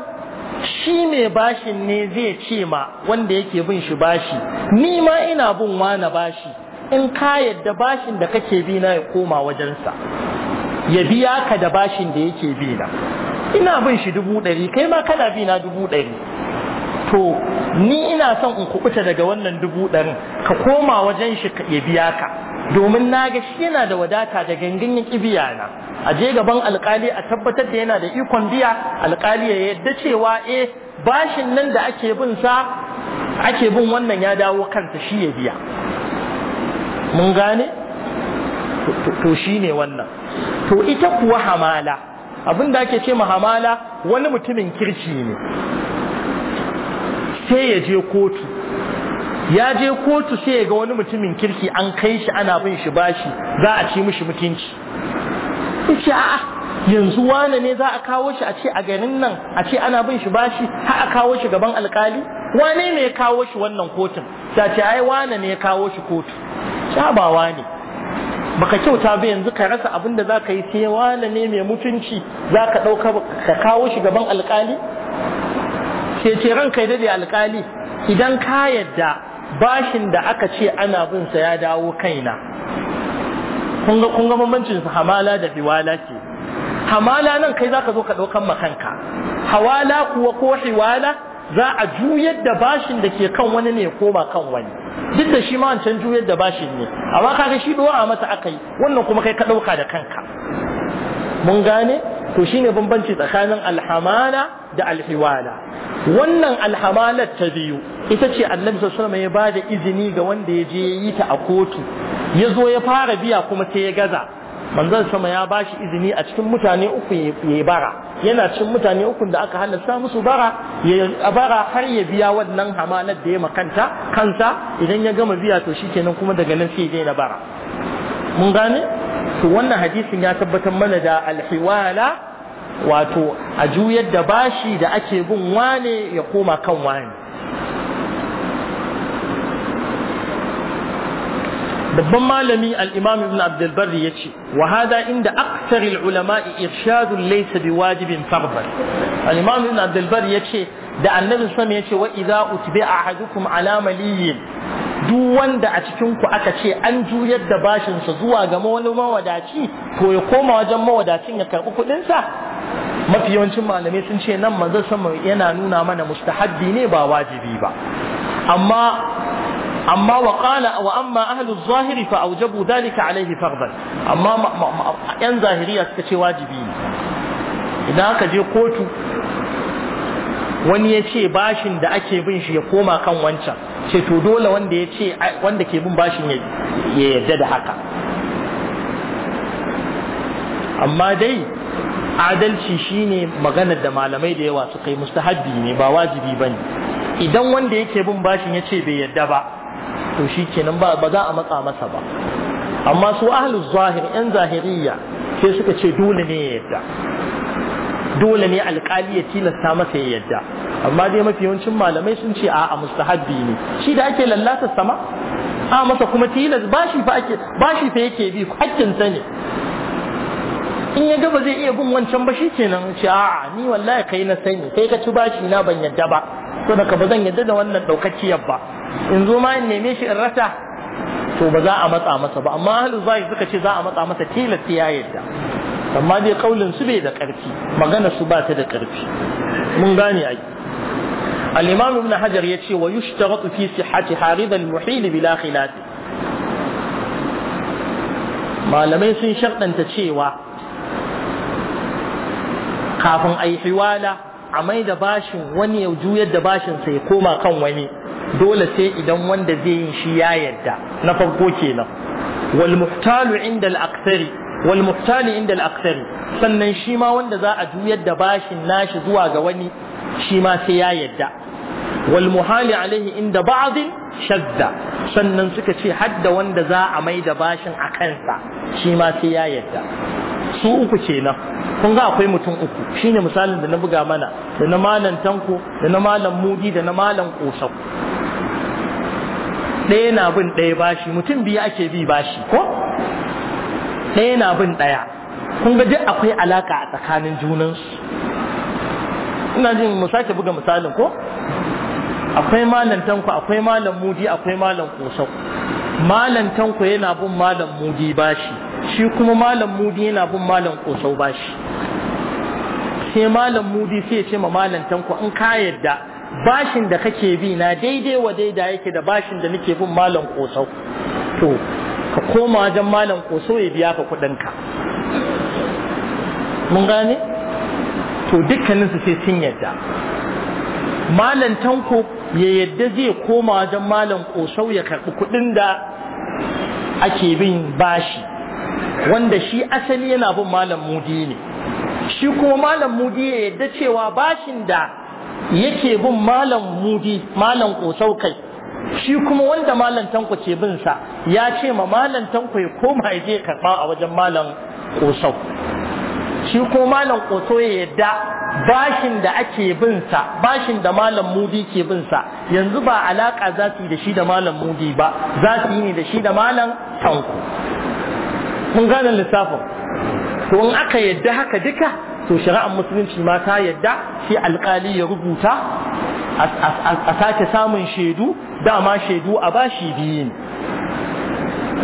S1: shi mai bashin ne zai ce ma wanda yake bin shi bashi ni ma ina bin wani bashi in ka yadda bashin da kake bi na ya koma wajensa ya biya ka da bashin da yake bi na ina bin shi dubu ɗari kai ma kana bi na dubu ɗari to ni ina son in kubuta daga wannan dubu ɗarin ka koma wajen shi ya biya ka domin na ga shi yana da wadata da gangan ya biya na a je gaban alkali a tabbatar da yana da ikon biya alkali ya yadda cewa eh bashin nan da ake bin sa ake bin wannan ya dawo kansa shi ya biya mun gane to shine wannan to ita kuwa hamala abin da ake ce hamala wani mutumin kirki ne sai ya je kotu ya je kotu sai ya ga wani mutumin kirki an kai shi ana bin shi bashi za a ci mishi mutunci yanzu wane ne za a kawo shi a ce a garin nan a ce ana bin shi bashi har a kawo shi gaban alkali wane ne ya kawo shi wannan kotun ta ce ai wane ne ya kawo shi kotu shabawa ne baka kyauta ba yanzu ka rasa abin da za ka yi sai wala ne mai mutunci za ka dauka ka kawo shi gaban alkali sai ce kai dade alkali idan ka yadda bashin da aka ce ana bin sa ya dawo kaina kun ga kun ga hamala da hiwala ce hamala nan kai za ka zo ka daukan kanka, hawala kuwa ko hiwala za a juyar da bashin da ke kan wani ne ya koma kan wani duk da shi ma wancan juyar da bashi ne amma kaga shi dora masa akai wannan kuma kai ka dauka da kanka mun gane to shine bambanci tsakanin alhamana da alhiwala wannan alhamalar ta biyu ita ce annabi sallallahu alaihi ya bada izini ga wanda ya je yi ta a kotu ya zo ya fara biya kuma sai ya gaza manzon sama ya ba shi izini a cikin mutane uku ya bara yana cikin mutane uku da aka halasta musu bara ya bara har ya biya wannan hamanar da ya makanta kansa idan ya gama biya to shi kenan kuma daga nan sai ya na bara mun gane to wannan hadisin ya tabbatar mana da alhiwala wato a juyar da bashi da ake bin wane ya koma kan wane babban malami al-imam ibn abdul barri yace wa hada inda akthar al-ulama irshadun laysa biwajibin wajibin al-imam ibn abdul ya yace da annabi ya yace wa idza utbi ahadukum ala maliyin duk wanda a cikin ku aka ce an juyar da bashin sa zuwa ga wani mawadaci ko ya koma wajen mawadacin ya karbi kudin sa mafi yawancin malamai sun ce nan manzo sama yana nuna mana mustahabbi ne ba wajibi ba amma أما وقال وأما أهل الظاهر فأوجبوا ذلك عليه فرضا أما ما ما ما أن ظاهرية تكشي واجبين إذا كجي قوتو wani ya ce bashin da ake bin shi ya koma kan wancan ce to dole wanda ya ce wanda ke bin bashin ya yarda da haka amma dai adalci shine maganar da malamai da yawa suka yi mustahabbi ne ba wajibi bane idan wanda yake bin bashin ya ce bai yarda ba to shi kenan ba za a matsa masa ba amma su ahlus zahir yan zahiriya sai suka ce dole ne ya yadda dole ne alkali ya tilasta masa ya yadda amma dai mafi yawancin malamai sun ce a'a mustahabbi ne shi da ake lallata sama a masa kuma tilas bashi fa ake shi fa yake bi hakkin sa ne in ya gaba zai iya bin wancan ba shikenan ce a'a ni wallahi kai na sani kai ka ci bashi na ban yadda ba to da ka ba zan yadda da wannan daukakkiyar ba in zo ma in neme shi in rasa to ba za a matsa masa ba amma ahlu zahir suka ce za a matsa masa tilas ya yadda amma dai kaulin su bai da karfi magana su ba ta da karfi mun gane ai al-imam ibn hajar yace wa yushtaratu fi sihhati harid al-muhil bila khilaf malamai sun sharɗanta cewa kafin ai hiwala a mai da bashin wani ya juyar da bashin sai koma kan wani dole sai idan wanda zai yin shi ya yadda na farko kenan wal inda al-aktsari wal inda al-aktsari sannan shi ma wanda za a juyar da bashin nashi zuwa ga wani shi ma sai ya yadda wal muhali alaihi inda ba'din shadda sannan suka ce hadda wanda za a mai da bashin a kansa shi ma sai ya yadda su uku kenan kun ga akwai mutum uku shine misalin da na buga mana da na malam tanko da na malam mudi da na malam kosau ɗaya na bin ɗaya bashi mutum biyu ake bi bashi ko ɗaya na bin ɗaya kun ga duk akwai alaka a tsakanin junansu ina jin mu sake buga misalin ko akwai malam tanko akwai malam mudi akwai malam kosau malam tanko yana bin malam mudi bashi shi kuma malam mudi yana bin malam kosau bashi sai malam mudi sai ya ce ma malam tanko in ka yadda bashin da kake bi na daidai wa daidai yake da bashin da nake bin malam kosau to ka koma wajen malam kosau ya biya ka kuɗinka mun gane to dukkaninsu sai sun yadda malam tanko ya yadda zai koma wajen malam kosau ya karɓi kuɗin da ake bin bashi wanda shi asali yana bin malam mudi ne shi kuma malam mudi ya yadda cewa bashin da yake bin malam mudi malam kosau kai shi kuma wanda malam tanko ce bin sa ya ce ma malam tanko ya koma ya je karɓa a wajen malam kosau shi ko malam koto ya yadda bashin da ake bin sa bashin da malam mudi ke bin sa yanzu ba alaka za su yi da shi da malam mudi ba za su yi ne da shi da malam tanko mun gane lissafin to in aka yadda haka duka to shari'ar musulunci ma ta yadda shi alkali ya rubuta a sake samun shaidu dama shaidu a bashi biyu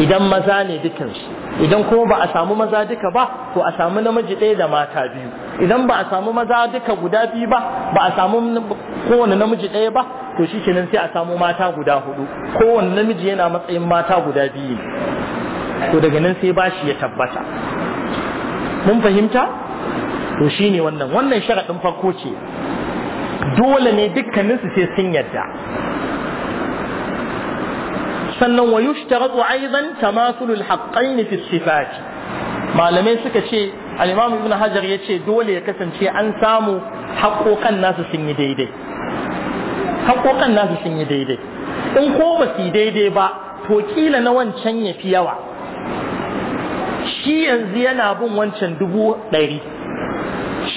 S1: idan maza ne dukansu idan kuma ba a samu maza duka ba to a samu namiji ɗaya da mata biyu idan ba a samu maza duka guda biyu ba ba a samu kowane namiji ɗaya ba to shi kenan sai a samu mata guda hudu kowane namiji yana matsayin mata guda biyu to daga nan sai bashi ya tabbata mun fahimta to shine wannan wannan sharadin farko ce dole ne dukkaninsu sai sun yadda sannan wa yushtaratu aidan tamathulul haqqain fi sifat malamai suka ce al-imam Hajar hajar yace dole ya kasance an samu haƙoƙan nasu sun yi daidai haƙoƙan nasu sun yi daidai in ko ba su daidai ba to kila na wancan ya fi yawa shi yanzu yana bin wancan dubu ɗari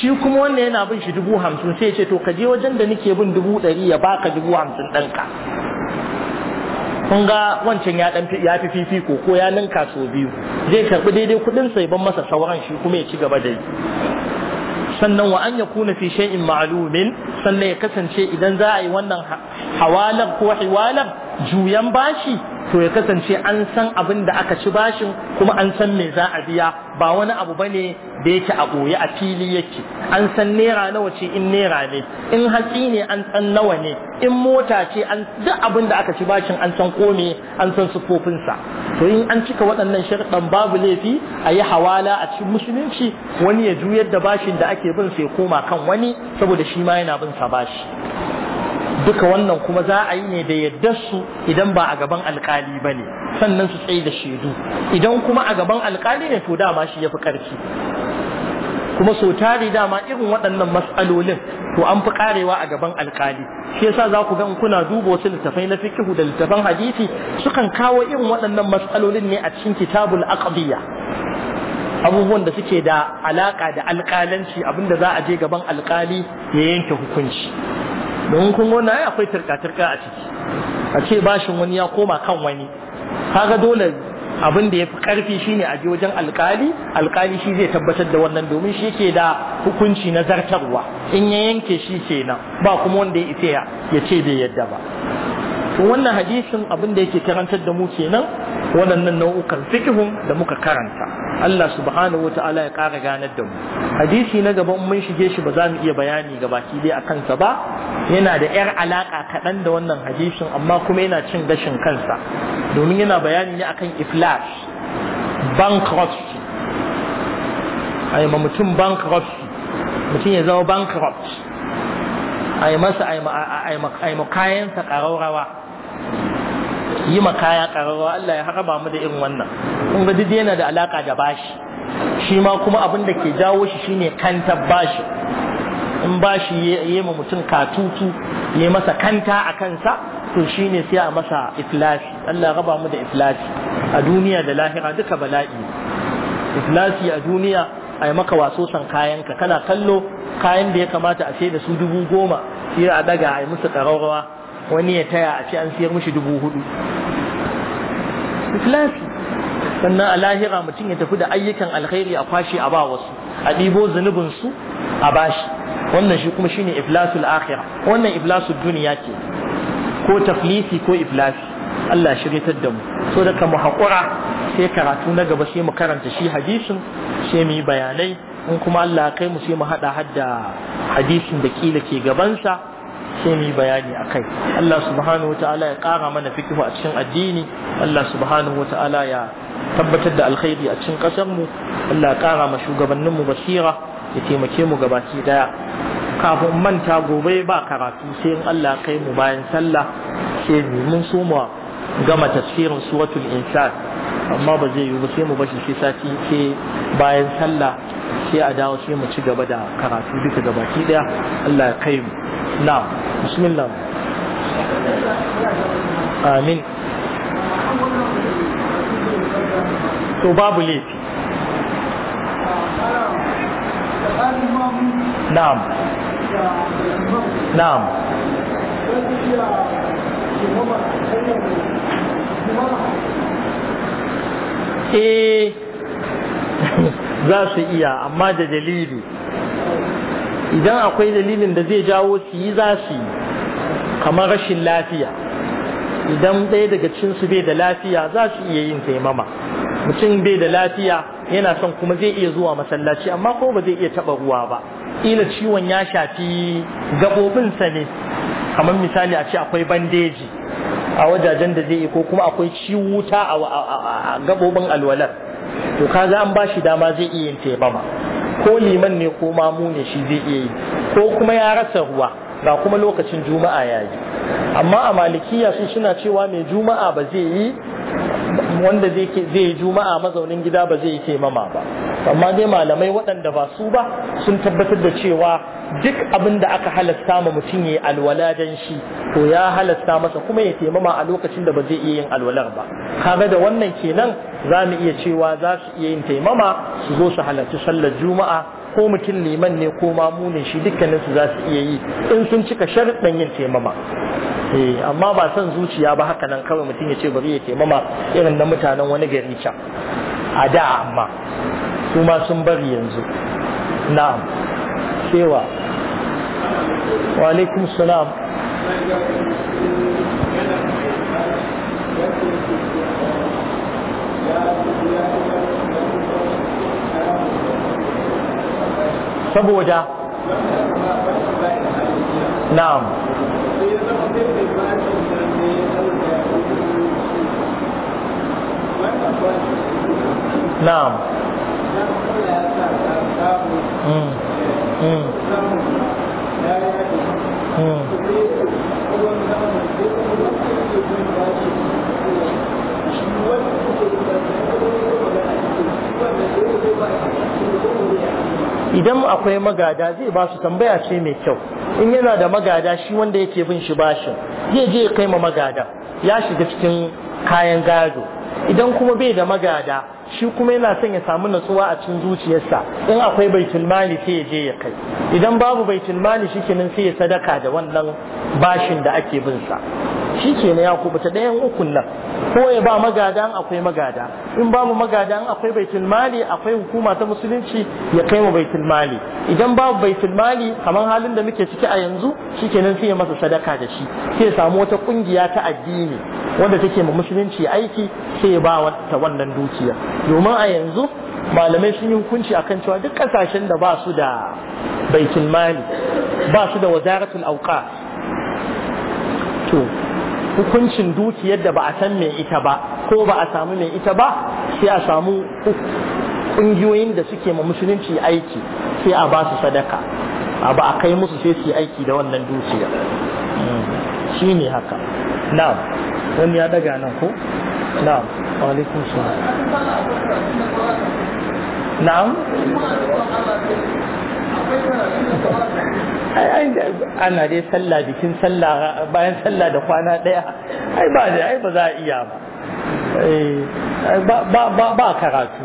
S1: shi kuma wanda yana bin shi dubu hamsin sai ya ce to ka je wajen da nake bin dubu ɗari ya baka dubu hamsin ɗanka kun ga wancan ya dan ya fi fifiko ko ya ninka so biyu zai karbi daidai kudin sa ban masa sauran shi kuma ya ci gaba da yi sannan wa an yakuna fi shay'in ma'lumin sannan ya kasance idan za a yi wannan hawalar ko hiwalar juyan bashi to ya kasance an san abin da aka ci bashin kuma an san me za a biya ba wani abu bane da yake a ɓoye a fili yake an san naira nawa ce in naira ne in hatsi ne an san nawa ne in mota ce an duk abin da aka ci bashin an san kome an san sufofinsa to in an cika waɗannan sharɗan babu laifi a yi hawala a cikin musulunci wani ya juyar da bashin da ake bin sai koma kan wani saboda shi ma yana bin sa bashi duka wannan kuma za a yi ne da yadda su idan ba a gaban alkali ba ne sannan su tsaye da shaidu idan kuma a gaban alkali ne to dama shi ya fi ƙarfi kuma so tare dama irin waɗannan matsalolin to an fi karewa a gaban alkali shi yasa za ku ga kuna duba wasu littafai na fikihu da littafan hadisi sukan kawo irin waɗannan matsalolin ne a cikin kitabul aqdiya abubuwan da suke da alaka da alkalanci abinda za a je gaban alkali ya yanke hukunci domin kun gona ya akwai turka-turka a ciki a ce bashin wani ya koma kan wani kaga dole abin da ya fi karfi shine a je wajen alkali alkali shi zai tabbatar da wannan domin shi ke da hukunci na zartarwa in ya yanke shi kenan ba kuma wanda ya ita ya ce bai yadda ba to wannan hadisin abin da yake karantar da mu kenan waɗannan nau'ukan fikihun da muka karanta Allah subhanahu wata'ala ya ƙara ganar da mu hadisi na gaba mun shige shi ba za mu iya bayani ga baki dai a kansa ba yana da yar alaƙa kaɗan da wannan hadisin amma kuma yana cin gashin kansa domin yana bayani ne akan iflas bankruptcy ai ma mutum bankruptcy mutum ya zama bankrupt a yi masa a yi kayansa ƙararrawa yi makaya ƙararrawa Allah ya haraba mu da irin wannan kun ga duk yana da alaka da bashi shi ma kuma abin da ke jawo shi shine kanta bashi in bashi ya ma mutum katutu ya masa kanta a kansa to shine sai a masa iflasi Allah ya raba mu da iflasi a duniya da lahira duka bala'i iflasi a duniya a yi maka wasosan ka kana kallo kayan da ya kamata a sai da su dubu goma sai a daga a yi musu ƙararrawa wani ya taya a ce an siyar mishi dubu hudu ikhlasi sannan a lahira mutum ya tafi da ayyukan alkhairi a kwashe a ba wasu a ɗibo zunubin su a bashi wannan shi kuma shine iflasul akhirah wannan iflasul duniya ke ko taflisi ko iflasi Allah shiryatar da mu so daga mu haƙura sai karatu na gaba sai mu karanta shi hadisin sai mu yi bayanai in kuma Allah kai mu sai mu hada hadda hadisin da kila ke gabansa sai mu yi bayani a kai Allah subhanahu ta'ala ya ƙara mana fikihu a cikin addini Allah subhanahu ta'ala ya tabbatar da alkhairi a cikin ƙasar mu Allah ya ƙara ma shugabannin mu basira ya taimake mu gabaki daya kafin manta gobe ba karatu sai in Allah kai mu bayan sallah sai mu mun gama tafsirin suratul insan amma ba zai yi ba sai mu bashi sai sati sai bayan sallah sai a dawo sai mu ci gaba da karatu duka da baki daya Allah ya kai mu Na'am. bismillah amin to babu laifi na'am na'am
S2: Thank you.
S1: eh za su iya amma da dalili idan akwai dalilin da zai jawo su yi za su yi kamar rashin lafiya idan ɗaya daga cinsu bai da lafiya za su iya yin taimama mutum bai da lafiya yana son kuma zai iya zuwa masallaci amma ko ba zai iya taɓa ruwa ba ila ciwon ya shafi gaɓoɓinsa ne kamar misali a ce akwai bandeji a wajajen da zai yi ko kuma akwai ciwuta a gabobin alwalar to kaga an ba shi dama zai iya yin taimama ko liman ne ko mamu ne shi zai iya yi ko kuma ya rasa ruwa ba kuma lokacin juma'a ya yi amma a malikiya su suna cewa mai juma'a ba zai yi wanda zai yi juma'a mazaunin gida ba zai yi mama ba amma dai malamai waɗanda ba su ba sun tabbatar da cewa duk abin da aka halasta ma mutum ya yi alwala dan shi to ya halasta masa kuma ya taimama a lokacin da ba zai iya yin alwalar ba kaga da wannan kenan za mu iya cewa za su iya yin taimama su zo su halarci sallar juma'a ko mutum liman ne ko mamunin shi dukkanin su za su iya yi in sun cika sharuɗan yin taimama eh, amma ba son zuciya ba haka nan kawai mutum ya ce bari ya taimama irin na mutanen wani gari can a da amma su ma sun bari yanzu na'am cewa wa alaikum salam
S2: Thank
S1: saboda na'am na'am
S2: mm. Mm. mm.
S1: idan akwai magada zai ba su tambaya ce mai kyau in yana da magada shi wanda yake bin shi bashin zai je kai ma magada ya shiga cikin kayan gado idan kuma bai da magada shi kuma yana son ya samu natsuwa a cikin zuciyarsa in akwai baitul mali sai ya je ya kai idan babu baitul mali shikenan sai ya sadaka da wannan bashin da ake bin sa shi ke na ya kubuta ɗayan ukun nan ko ya ba magada akwai magada in babu magada akwai baitul mali akwai hukuma ta musulunci ya kai mu baitul mali idan babu baitul mali kamar halin da muke ciki a yanzu shi kenan sai masa sadaka da shi sai ya samu wata kungiya ta addini wanda take ma musulunci aiki sai ya ba ta wannan dukiya domin a yanzu malamai sun yi hukunci akan cewa duk kasashen da ba su da baitul mali ba su da wazaratul auka to hukuncin dukiyar da ba a san mai ita ba ko ba a samu mai ita ba sai a samu ƙungiyoyin da suke ma musulunci aiki sai a ba su sadaka abu a kai musu sai su yi aiki da wannan dukiya shi ne haka na'am wani ya daga nan ko na'am wa alaikum na'am ana dai sallah bikin sallah bayan sallah da kwana ɗaya ai ba da ai ba za a iya ba eh, ba ba karatu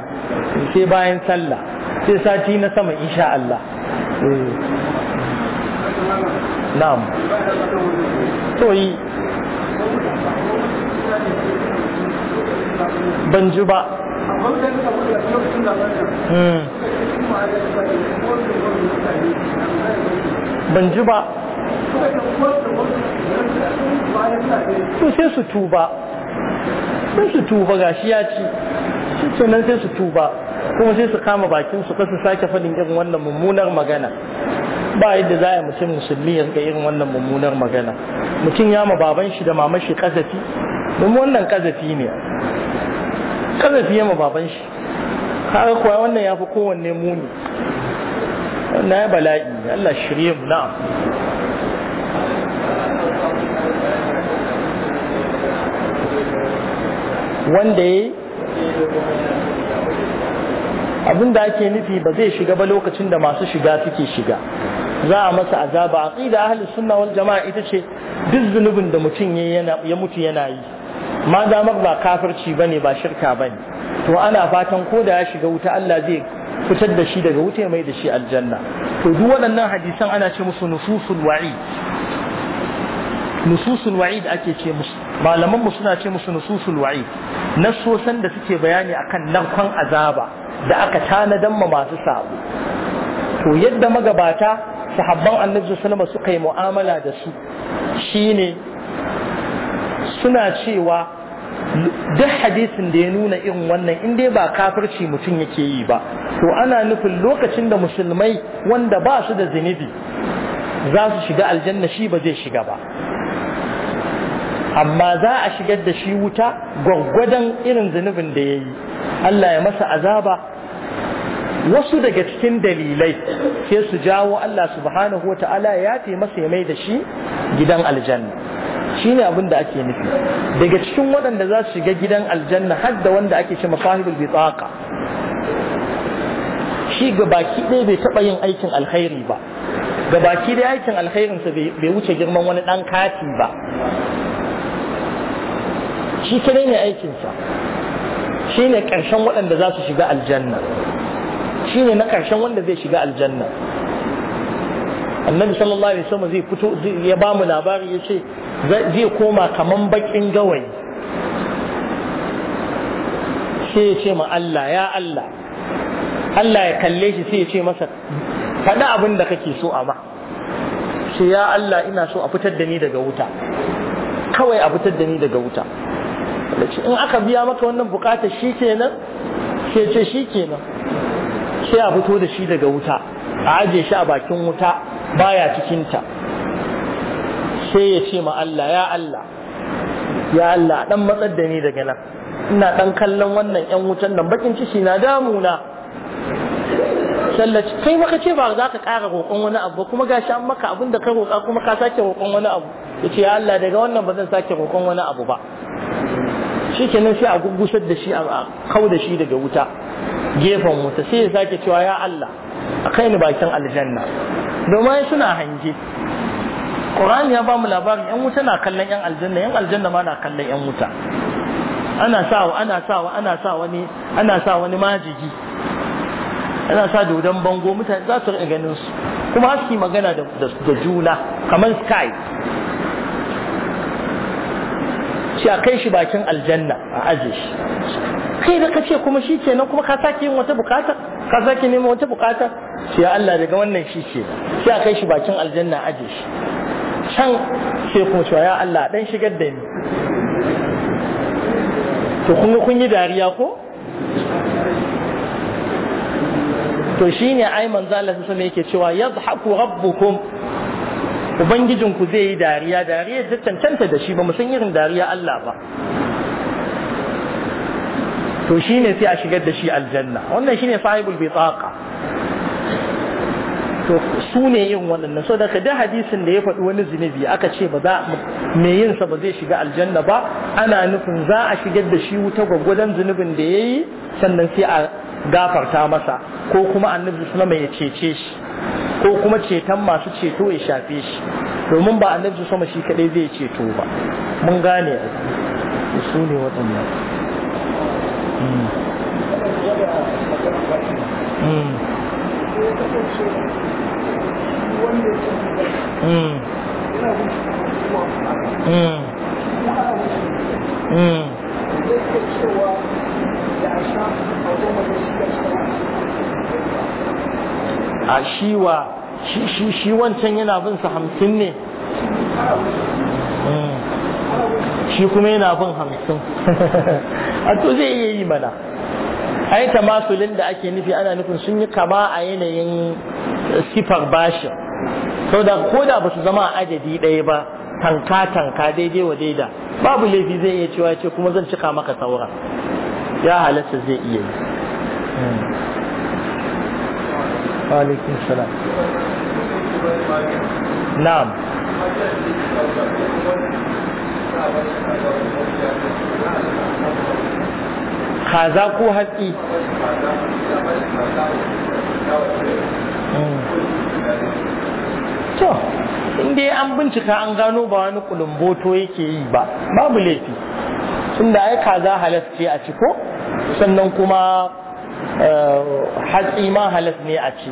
S1: sai bayan sallah sai sati na sama insha Allah eh. na'am to yi ban ji ba ban ji ba to sai su tuba sai su tuba gashi ya ci shi nan sai su tuba kuma sai su kama bakin su kasu sake fadin irin wannan mummunar magana ba yadda za a mutum musulmi ya rika irin wannan mummunar magana mutum ya ma baban shi da mamashi kazafi domin wannan kazafi ne fiye yamma baban shi kaga kuwa wannan ya fi kowanne muni na ya bala'i Allah shirye mu na'am wanda ya abin da ake nufi ba zai shiga ba lokacin da masu shiga suke shiga za a masa azaba aqida ahlus sunna wal jama'a ita ce duk zunubin da mutum ya mutu yana yi ma damar ba kafirci bane ba shirka bane to ana fatan ko da ya shiga wuta Allah zai fitar da shi daga wuta mai da shi aljanna to duk waɗannan hadisan ana ce musu nususul wa'id nususul wa'id ake ce musu malaman mu suna ce musu nususul wa'id nasosan da suke bayani akan narkon azaba da aka tanadan ma masu sabo to yadda magabata sahabban annabi sallallahu alaihi wasallam suka yi mu'amala da su shine suna cewa duk hadisin da ya nuna irin wannan in dai ba kafirci mutum yake yi ba to ana nufin lokacin da musulmai wanda ba su da zunubi za su shiga aljanna shi ba zai shiga ba amma za a shigar da shi wuta gwaggwadon irin zunubin da ya yi Allah ya masa azaba wasu daga cikin dalilai sai su jawo Allah subhanahu wa ta'ala ya taimasa masa ya mai da shi gidan aljanna shine abin da ake nufi daga cikin waɗanda za su shiga gidan aljanna har da wanda ake ce masahibul tsaka shi gabaki ɗaya bai taɓa yin aikin alkhairi ba gabaki ɗaya aikin alkhairinsa bai wuce girman wani ɗan kati ba shi kadai ne aikinsa shi ne ƙarshen waɗanda za su shiga aljanna shi ne na ƙarshen wanda zai shiga aljanna annabi sallallahu alaihi wasallam zai fito ya ba mu labari ya ce zai koma kaman bakin gawayi sai ya ce ma Allah ya Allah Allah ya kalle shi sai ya ce masa faɗi abin da kake so a ma sai ya Allah ina so a fitar da ni daga wuta kawai a fitar da ni daga wuta in aka biya maka wannan bukatar shi kenan sai ce shi kenan sai a fito da shi daga wuta a ajiye shi a bakin wuta baya cikinta sai ya ce ma Allah ya Allah ya Allah dan matsar da ni daga nan ina dan kallon wannan yan wutan nan bakin ciki na damuna sallaci kai maka ce ba za ka ƙara roƙon wani abu kuma gashi an maka abin da ka roƙa kuma ka sake roƙon wani abu ya ce ya Allah daga wannan ba zan sake roƙon wani abu ba kenan sai a gugusar da shi a kau da shi daga wuta gefen wuta sai ya sake cewa ya Allah a kai ni bakin aljanna domin suna hange Qur'ani ya bamu labarin yan wuta na kallon yan aljanna yan aljanna ma na kallon yan wuta ana sawa ana sawa ana sa wani ana sa wani majigi ana sa dodon bango mutane za su rika ganin su kuma aski magana da juna kamar sky ce a kai shi bakin aljanna a aje shi kai da kace kuma shi ce na kuma ka sake yin wata bukata ka sake neman wata bukata sai Allah daga wannan shi ce sai a kai shi bakin aljanna a aje shi can sai kuma cewa ya Allah dan shigar da ni to kun kun yi dariya ko to shine ai manzo Allah sallallahu alaihi wasallam yake cewa yadhaku rabbukum ubangijinku zai yi dariya dariya ta cancanta da shi ba san irin dariya Allah ba to shine sai a shigar da shi aljanna wannan shine sahibul bitaqa to su ne yin waɗannan so daga da hadisin da ya faɗi wani zunubi aka ce ba za me yin sa ba zai shiga aljanna ba ana nufin za a shigar da shi wuta gwaggwadon zunubin da yayi sannan sai a gafarta masa ko kuma annabi sallama ya cece shi ko kuma ceton masu ceto ya shafe shi domin ba annabi sama shi kadai zai ceto ba mun gane
S2: su ne waɗannan Mm.
S1: a shiwa shi wancan yana bin sa hamsin ne
S2: hmm.
S1: shi kuma yana bin hamsin a to zai iya yi mana ai tamasulin da ake nufi ana nufin sun yi kama a yanayin sifar bashi sau da ko da ba su zama a adadi ɗaya ba tanka tanka daidai wa daida babu laifi zai iya cewa ce kuma zan cika maka saura ya halatta zai iya yi hmm. وعليكم السلام نعم kaza ko haƙi hmm. to in dai an bincika an gano ba wani kulumboto yake yi ba babu laifi tunda ai kaza halarci ce a ciko sannan kuma hatsi ma halas ne a ce,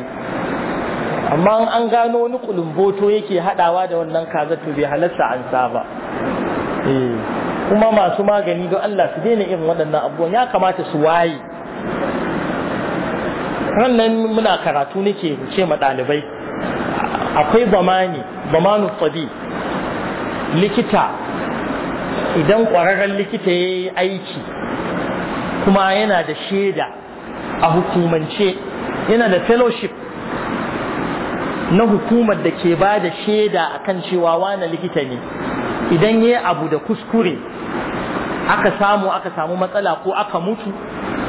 S1: amma an gano wani kulumboto yake hadawa da wannan kaza to bai halasta an saba eh, kuma masu magani don Allah su daina irin waɗannan abubuwan ya kamata su waye rannan muna karatu nake ce ma ɗalibai akwai bamani bamanu likita idan ƙwararren likita ya yi aiki kuma yana da shaida a hukumance yana da fellowship na hukumar da ke ba da shaida a kan cewa wani likita ne idan ya abu da kuskure aka samu aka samu matsala ko aka mutu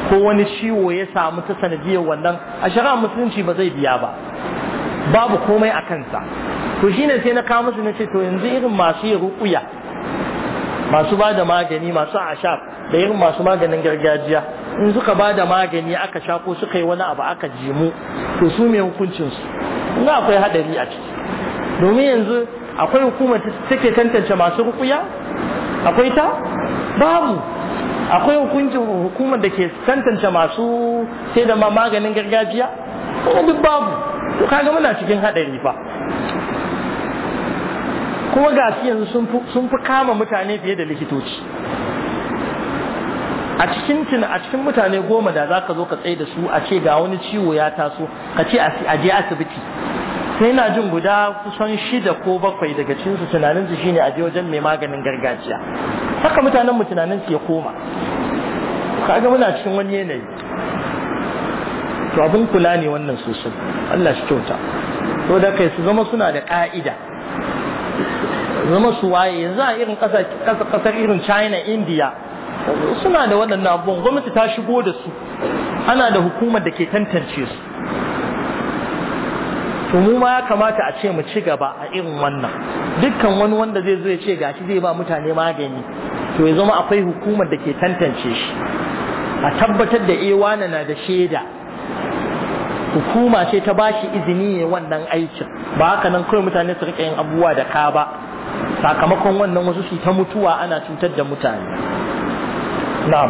S1: ko wani ciwo ya samu ta sanadiyar wannan a shari'a musulunci ba zai biya ba babu komai a kansa to shi ne sai na kawo musu na ce to yanzu irin masu yi ruƙuya masu ba da magani masu ashab da irin masu maganin gargajiya in suka ba da magani aka sha ko suka yi wani abu aka jimu to su mai hukuncin su ina akwai hadari a ciki domin yanzu akwai hukumar take tantance masu rukuya akwai ta babu akwai hukumar da ke tantance masu sai da ma maganin gargajiya kuma duk babu to kaga muna cikin haɗari fa kuma ga yanzu sun fi kama mutane fiye da likitoci a cikin tuna a cikin mutane goma da za ka zo ka tsaye da su a ce ga wani ciwo ya taso ka ce a je asibiti sai na jin guda kusan shida ko bakwai daga cinsu tunanin su shine a je wajen mai maganin gargajiya haka mutanen mu tunanin su ya koma kaga muna cikin wani yanayi to abin kula ne wannan sosai Allah shi kyauta to da kai su zama suna da ka'ida zama su waye yanzu a irin kasar irin China India suna da waɗannan abubuwan gwamnati ta shigo da su ana da hukumar da ke tantance su to mu ma ya kamata a ce mu ci gaba a irin wannan dukkan wani wanda zai zo ya ce gashi zai ba mutane magani to ya zama akwai hukumar da ke tantance shi a tabbatar da ewana eh, na da shaida hukuma ce ta bashi izini ya wannan aikin ba haka nan kawai mutane su rike yin abubuwa da ka ba sakamakon wannan wasu su ta mutuwa ana cutar da mutane
S2: na'am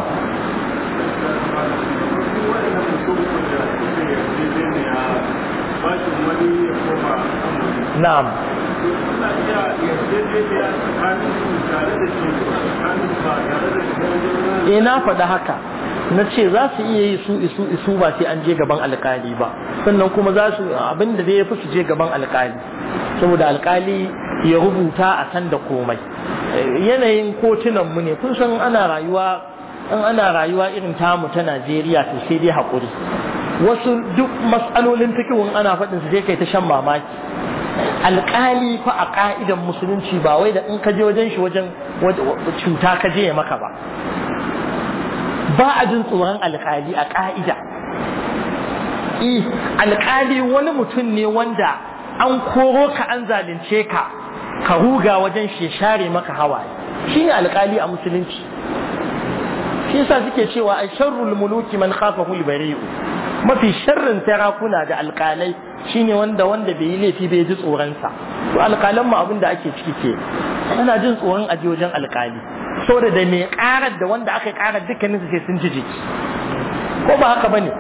S2: na'am
S1: e na faɗa haka na ce za su iya yi su isu isu ba sai an je gaban alkali ba sannan kuma za su abinda zai fi su je gaban alkali saboda alkali ya rubuta a sanda komai eh, yanayin kotunan mu ne kun san ana rayuwa in ana rayuwa irin tamu ta Najeriya to sai dai hakuri. wasu duk matsalolin fikihun ana faɗin su sai kai ta shan mamaki alƙali fa a ƙa'idan musulunci ba wai da in ka je wajen shi wajen cuta ka je ya maka ba ba a jin tsoron alƙali a ƙa'ida e, alƙali wani mutum ne wanda an koro ka an zalunce ka ka ruga wajen shi share maka hawaye shine alƙali a musulunci shi yasa suke cewa ai sharrul muluki man khafa hul bariu mafi sharrin sarakuna da alƙalai shine wanda wanda bai yi laifi bai ji tsoron sa to alƙalan mu abin da ake ciki ke ana jin tsoron aje wajen alƙali saboda da mai ƙarar da wanda aka ƙarar dukkanin su sai sun ji jiki ko ba haka bane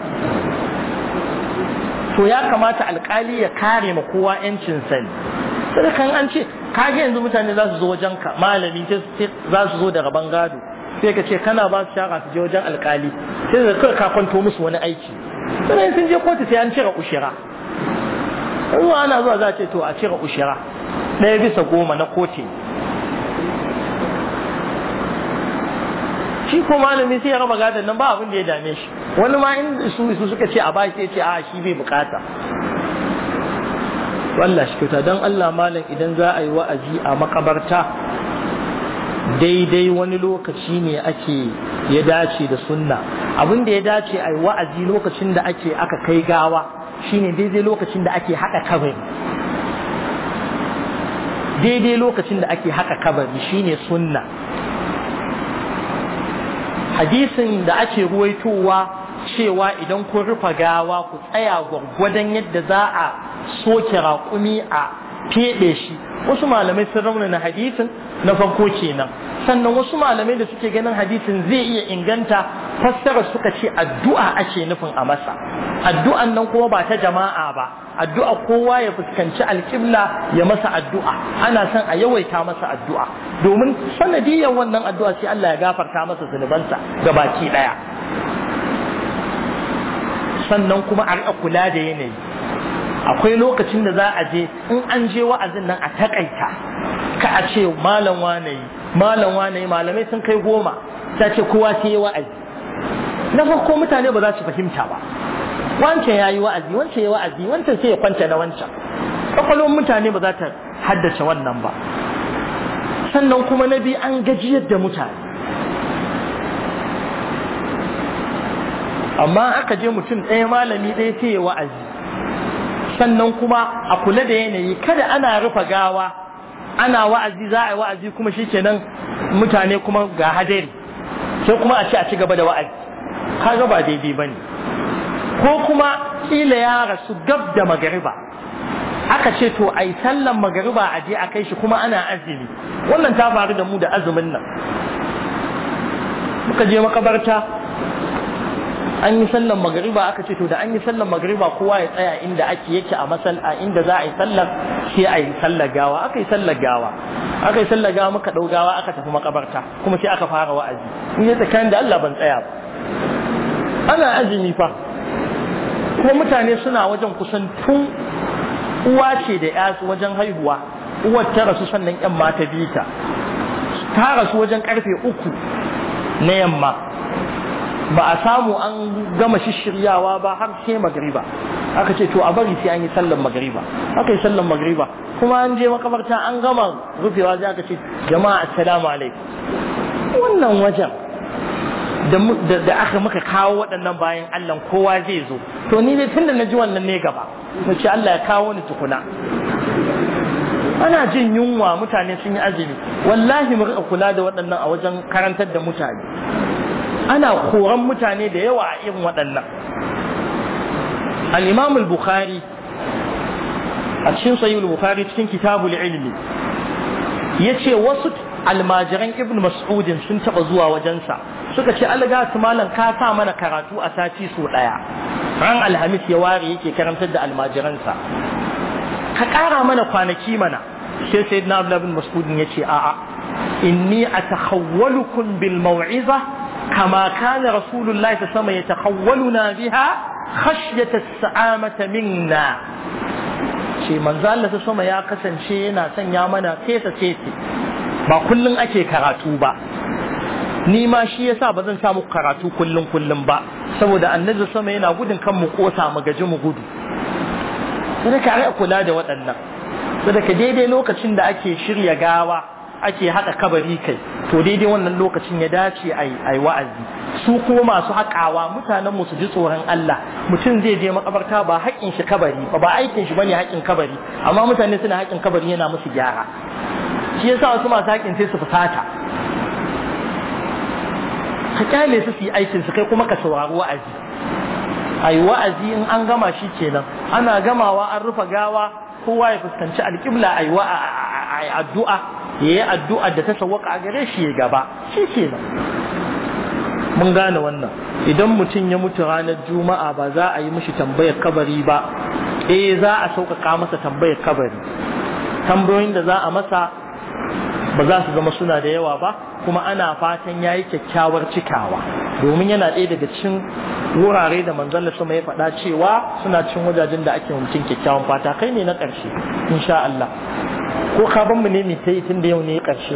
S1: to ya kamata alƙali ya kare ma kowa yancin sani sai kan an ce kage yanzu mutane za su zo wajenka malami za su zo da rabon gado sai ka ce kana ba su shara su je wajen alkali sai da kawai ka kwanto musu wani aiki sannan sun je kotu sai an cire ushira ruwa ana zuwa za a ce to a cire ushira ɗaya bisa goma na kotu shi ko malami sai ya raba gadon nan ba abin da ya dame shi wani ma in su suka ce a ba shi ce a shi bai bukata wallahi shi kyauta don Allah malam idan za a yi wa'azi a makabarta daidai wani lokaci ne ake ya dace da sunna abin da ya dace a wa'azi lokacin da ake aka kai gawa shine daidai lokacin da ake haka kabari daidai lokacin da ake haka kabari shine sunna hadisin da ake ruwaitowa cewa idan kun rufa gawa ku tsaya gwargwadon yadda za a soke raƙumi a feɗe shi wasu malamai sun raunana hadisin na farko kenan sannan wasu malamai da suke ganin hadisin zai iya inganta fassara suka ce addu'a ake nufin a masa addu'an nan kuma ba ta jama'a ba addu'a kowa ya fuskanci alƙibla ya masa addu'a ana son a yawaita masa addu'a domin sanadiyar wannan addu'a sai Allah ya gafarta masa zunubansa ga baki ɗaya sannan kuma a kula da yanayi akwai lokacin da za a je in an je wa'azin nan a takaita ka a ce malam wanayi malam malamai sun kai goma ta ce kowa sai yi wa'azi na farko mutane ba za su fahimta ba wancan ya yi wa'azi wancan ya yi wa'azi wancan sai ya kwanta na wancan kwakwalon mutane ba za ta haddace wannan ba sannan kuma na biyu an gajiyar da mutane amma aka je mutum ɗaya malami ɗaya sai ya wa'azi sannan kuma a kula da yanayi kada ana rufa gawa ana wa'azi za a yi wa'azi kuma shi shikenan mutane kuma ga hadari sai kuma a ce a ci gaba da wa'azi kaga ba daidai ba ne. ko kuma kila ya rasu gab da magariba aka ce to ai sallan magariba a je a kai shi kuma ana azumi wannan ta faru da mu da azumin nan muka je makabarta an yi sallan magariba aka ce to da an yi sallan magariba kowa ya tsaya inda ake yake a masal a inda za a yi sallar sai a yi sallar gawa aka yi sallar gawa aka yi sallar gawa muka dau gawa aka tafi makabarta kuma sai aka fara wa'azi in ya tsakanin da Allah ban tsaya ba ana azumi fa ko mutane suna wajen kusan tun uwa ce da ya wajen haihuwa uwar ta rasu sannan yan mata bita ta rasu wajen karfe uku na yamma ba a samu an gama shishiryawa ba har sai magariba. aka ce to a bari sai an yi sallan magariba aka yi sallan magariba kuma an je makabarta an gama rufewa sai aka ce jama'a assalamu alaikum wannan wajen da aka muka kawo waɗannan bayan Allah kowa zai zo to ni dai tunda na ji wannan ne gaba na ce Allah ya kawo ni tukuna ana jin yunwa mutane sun yi azumi wallahi mu kula da waɗannan a wajen karantar da mutane ana koran mutane da yawa a irin waɗannan Al'imamul bukhari a cikin sahih bukhari cikin kitabul ilmi yace wasu almajiran ibn mas'udin sun taɓa zuwa wajensa suka ce algatu malam ka sa mana karatu a sati su ɗaya. ran alhamis ya ware yake karantar da almajiransa ka ƙara mana kwanaki mana sai sayyidina abdullah ibn mas'udin ce a'a inni atakhawwalukum bil maw'iza كما كان رسول الله صلى الله عليه وسلم يتخولنا بها خشية السعامة منا ce manzo Allah ta sama ya kasance yana sanya mana tesa tese ba kullun ake karatu ba ni ma shi yasa ba zan samu karatu kullun kullum ba saboda annabi sama yana gudun kan mu kosa mu gaji mu gudu sai ka kula da waɗannan saboda daidai lokacin da ake shirya gawa ake haɗa kabari kai to daidai wannan lokacin ya dace a yi wa'azi su kuma masu haƙawa mutanenmu su ji tsoron Allah mutum zai je makabarta ba haƙin shi kabari ba ba aikin shi bane haƙin kabari amma mutane suna haƙin kabari yana musu gyara shi yasa wasu masu haƙin sai su fusata ka kyale su su yi aikin su kai kuma ka saurari wa'azi a yi wa'azi in an gama shi kenan ana gamawa an rufe gawa kowa ya fuskanci alƙibla a yi wa addu'a ya yi addu'a da ta sawwaka a gare shi ya gaba shi ke nan mun gane wannan idan mutum ya mutu ranar juma'a ba za a yi mishi tambayar kabari ba eh za a sauƙaƙa masa tambayar kabari tambayoyin da za a masa ba za su zama suna da yawa ba kuma ana fatan yayi kyakkyawar cikawa domin yana ɗaya daga cin wurare da manzon sama ya faɗa cewa suna cin wajajen da ake mutum kyakkyawan fata kai ne na ƙarshe insha Allah ko ka ban mu ne mu tayi tun da yau ne ƙarshe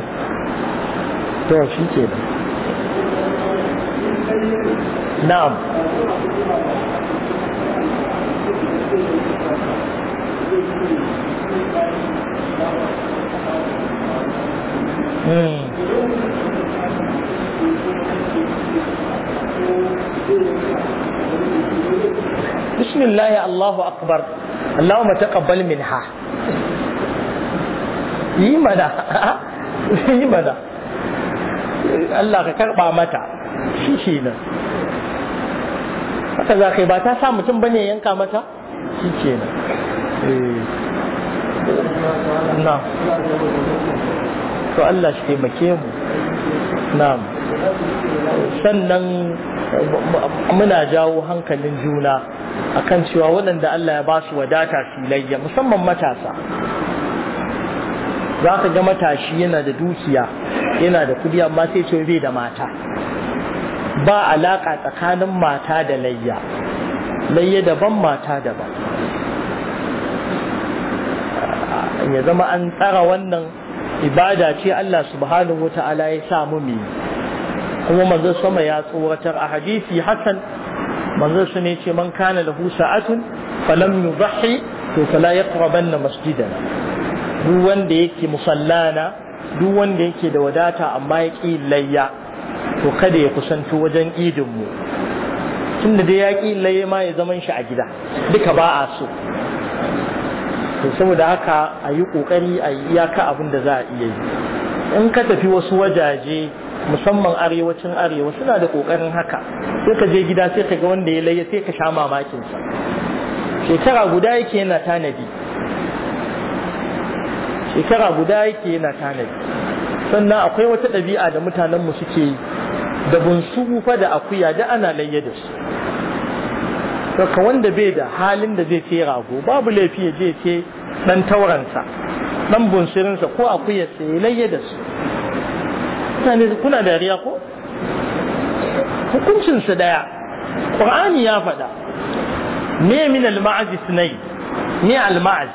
S2: Hmm. bismillah
S1: Allahu akbar Allahumma taqabbal minha yi mana yi mana Allah ka karba mata shi shi haka za ka yi ba ta sa mutum bane yanka mata shi ke eh. nan to Allah shi taimake mu na'am sannan muna jawo hankalin juna akan cewa waɗanda Allah ya ba su wadata filayya musamman matasa za ka ga matashi yana da dukiya yana da kudi amma sai ce bai da mata ba alaka tsakanin mata da layya layya daban mata daban ya zama an tsara wannan ibada ce Allah subhanahu wata'ala ya sa mu mi kuma manzo sama ya tsoratar a hadisi hasan manzo su ne ce man kana lahu sa'atun falam yudhi to fala yaqrabanna masjidan. duk wanda yake musallana duk wanda yake da wadata amma ya ƙi layya to kada ya kusanto wajen idin mu tunda dai ya ƙi layya ma ya zaman shi a gida duka ba a so to saboda haka a yi ƙoƙari a yi iyaka abin da za a iya yi in ka tafi wasu wajaje musamman arewacin arewa suna da kokarin haka sai ka je gida sai ka ga wanda ya laye sai ka sha mamakinsa shekara guda yake yana tanadi shekara guda yake yana tanadi sannan akwai wata ɗabi'a da mutanen mu suke yi da bunsu fa da akuya da ana layye da su saka wanda bai da halin da zai sai rago babu laifi ya je ce dan tauransa dan bunsirinsa ko akuya sai laye da su kuna da riya ko hukuncinsa daya qur'ani ya faɗa me min al-ma'az sunai me al-ma'az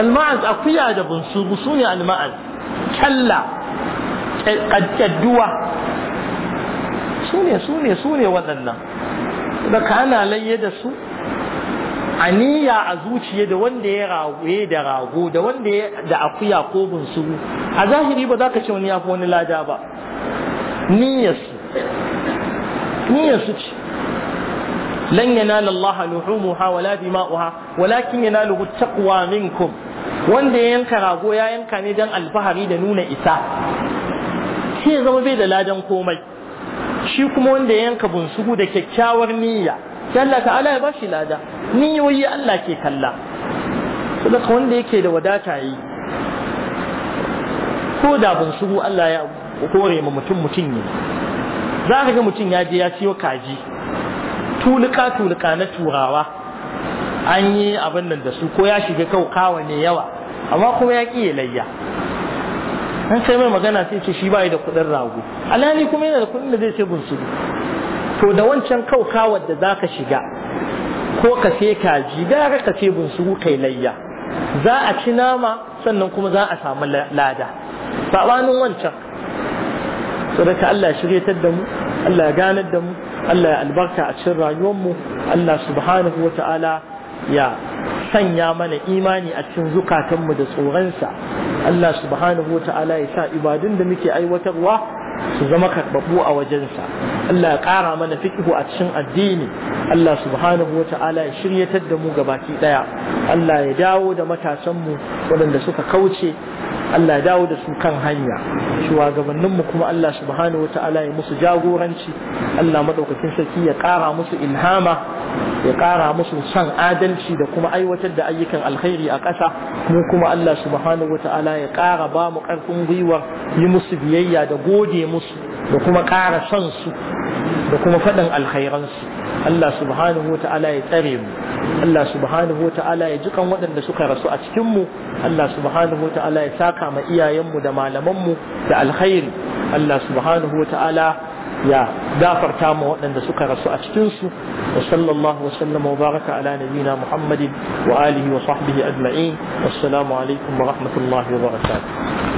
S1: al-ma'az akuya da bunsu sune al-ma'az kalla kadduwa su ne su ne su ne waɗannan da ka ana layye da su a niyya a zuciya da wanda ya ragoye da rago da wanda ya da akuya ko su a zahiri ba za ka ce wani ya fi wani lada ba niyyarsu niyyarsu ce lan yanala Allah luhumuha wala dima'uha walakin yanaluhu taqwa minkum wanda ya yanka rago ya yanka ne dan alfahari da nuna isa sai zama bai da ladan komai shi kuma wanda ya yanka bunsuhu da kyakkyawar niyya sai Allah ta'ala ya bashi lada niyoyi Allah ke kalla sadaka wanda yake da wadata yi ko da bunsuhu Allah ya kore ma mutum mutum ne za ka ga mutum ya je ya siyo kaji tuluka tuluka na turawa an yi abin nan da su ko ya shiga kau kawa ne yawa amma kuma ya ƙi layya an sai mai magana sai ce shi bai da kuɗin rago alani kuma yana da kuɗin da zai sai bunsuru to da wancan kaukawar da zaka shiga ko ka sai kaji gara ka sai bunsuru kai layya za a ci nama sannan kuma za a samu lada sabanin wancan So ka Allah ya shiryatar da mu Allah ya ganar da mu Allah ya albarka a cikin rayuwar mu Allah subhanahu wa ta'ala ya sanya mana imani a cikin zukatanmu da tsoronsa Allah subhanahu wa ta'ala ya sa ibadun da muke aiwatarwa su zama karbabu a wajensa Allah ya ƙara mana fikihu a cikin addini Allah subhanahu wa ta'ala ya shiryatar da mu gabaki ɗaya Allah ya dawo da matasanmu waɗanda suka kauce Allah ya dawo da su kan hanya shugabanninmu kuma Allah subhanahu ta'ala ya musu jagoranci Allah madaukakin sarki ya ƙara musu ilhama ya ƙara musu san adalci da kuma aiwatar aiwatar da ayyukan alkhairi a ƙasa mu kuma Allah subhanahu wata'ala ya ƙara ba mu ƙarfin gwiwar yi musu biyayya da gode musu da kuma ƙara son su da kuma faɗin alkhairansu Allah subhanahu wata'ala ya tsare mu Allah subhanahu wata'ala ya jikan waɗanda suka rasu a cikin mu Allah subhanahu wata'ala ya saka ma iyayenmu da malamanmu da alkhairi Allah subhanahu wata'ala ya gafarta mu waɗanda suka rasu a cikinsu wa sallallahu wa sallama wa baraka ala nabina muhammadin wa alihi wa sahbihi ajma'in wassalamu alaikum wa rahmatullahi wa barakatuh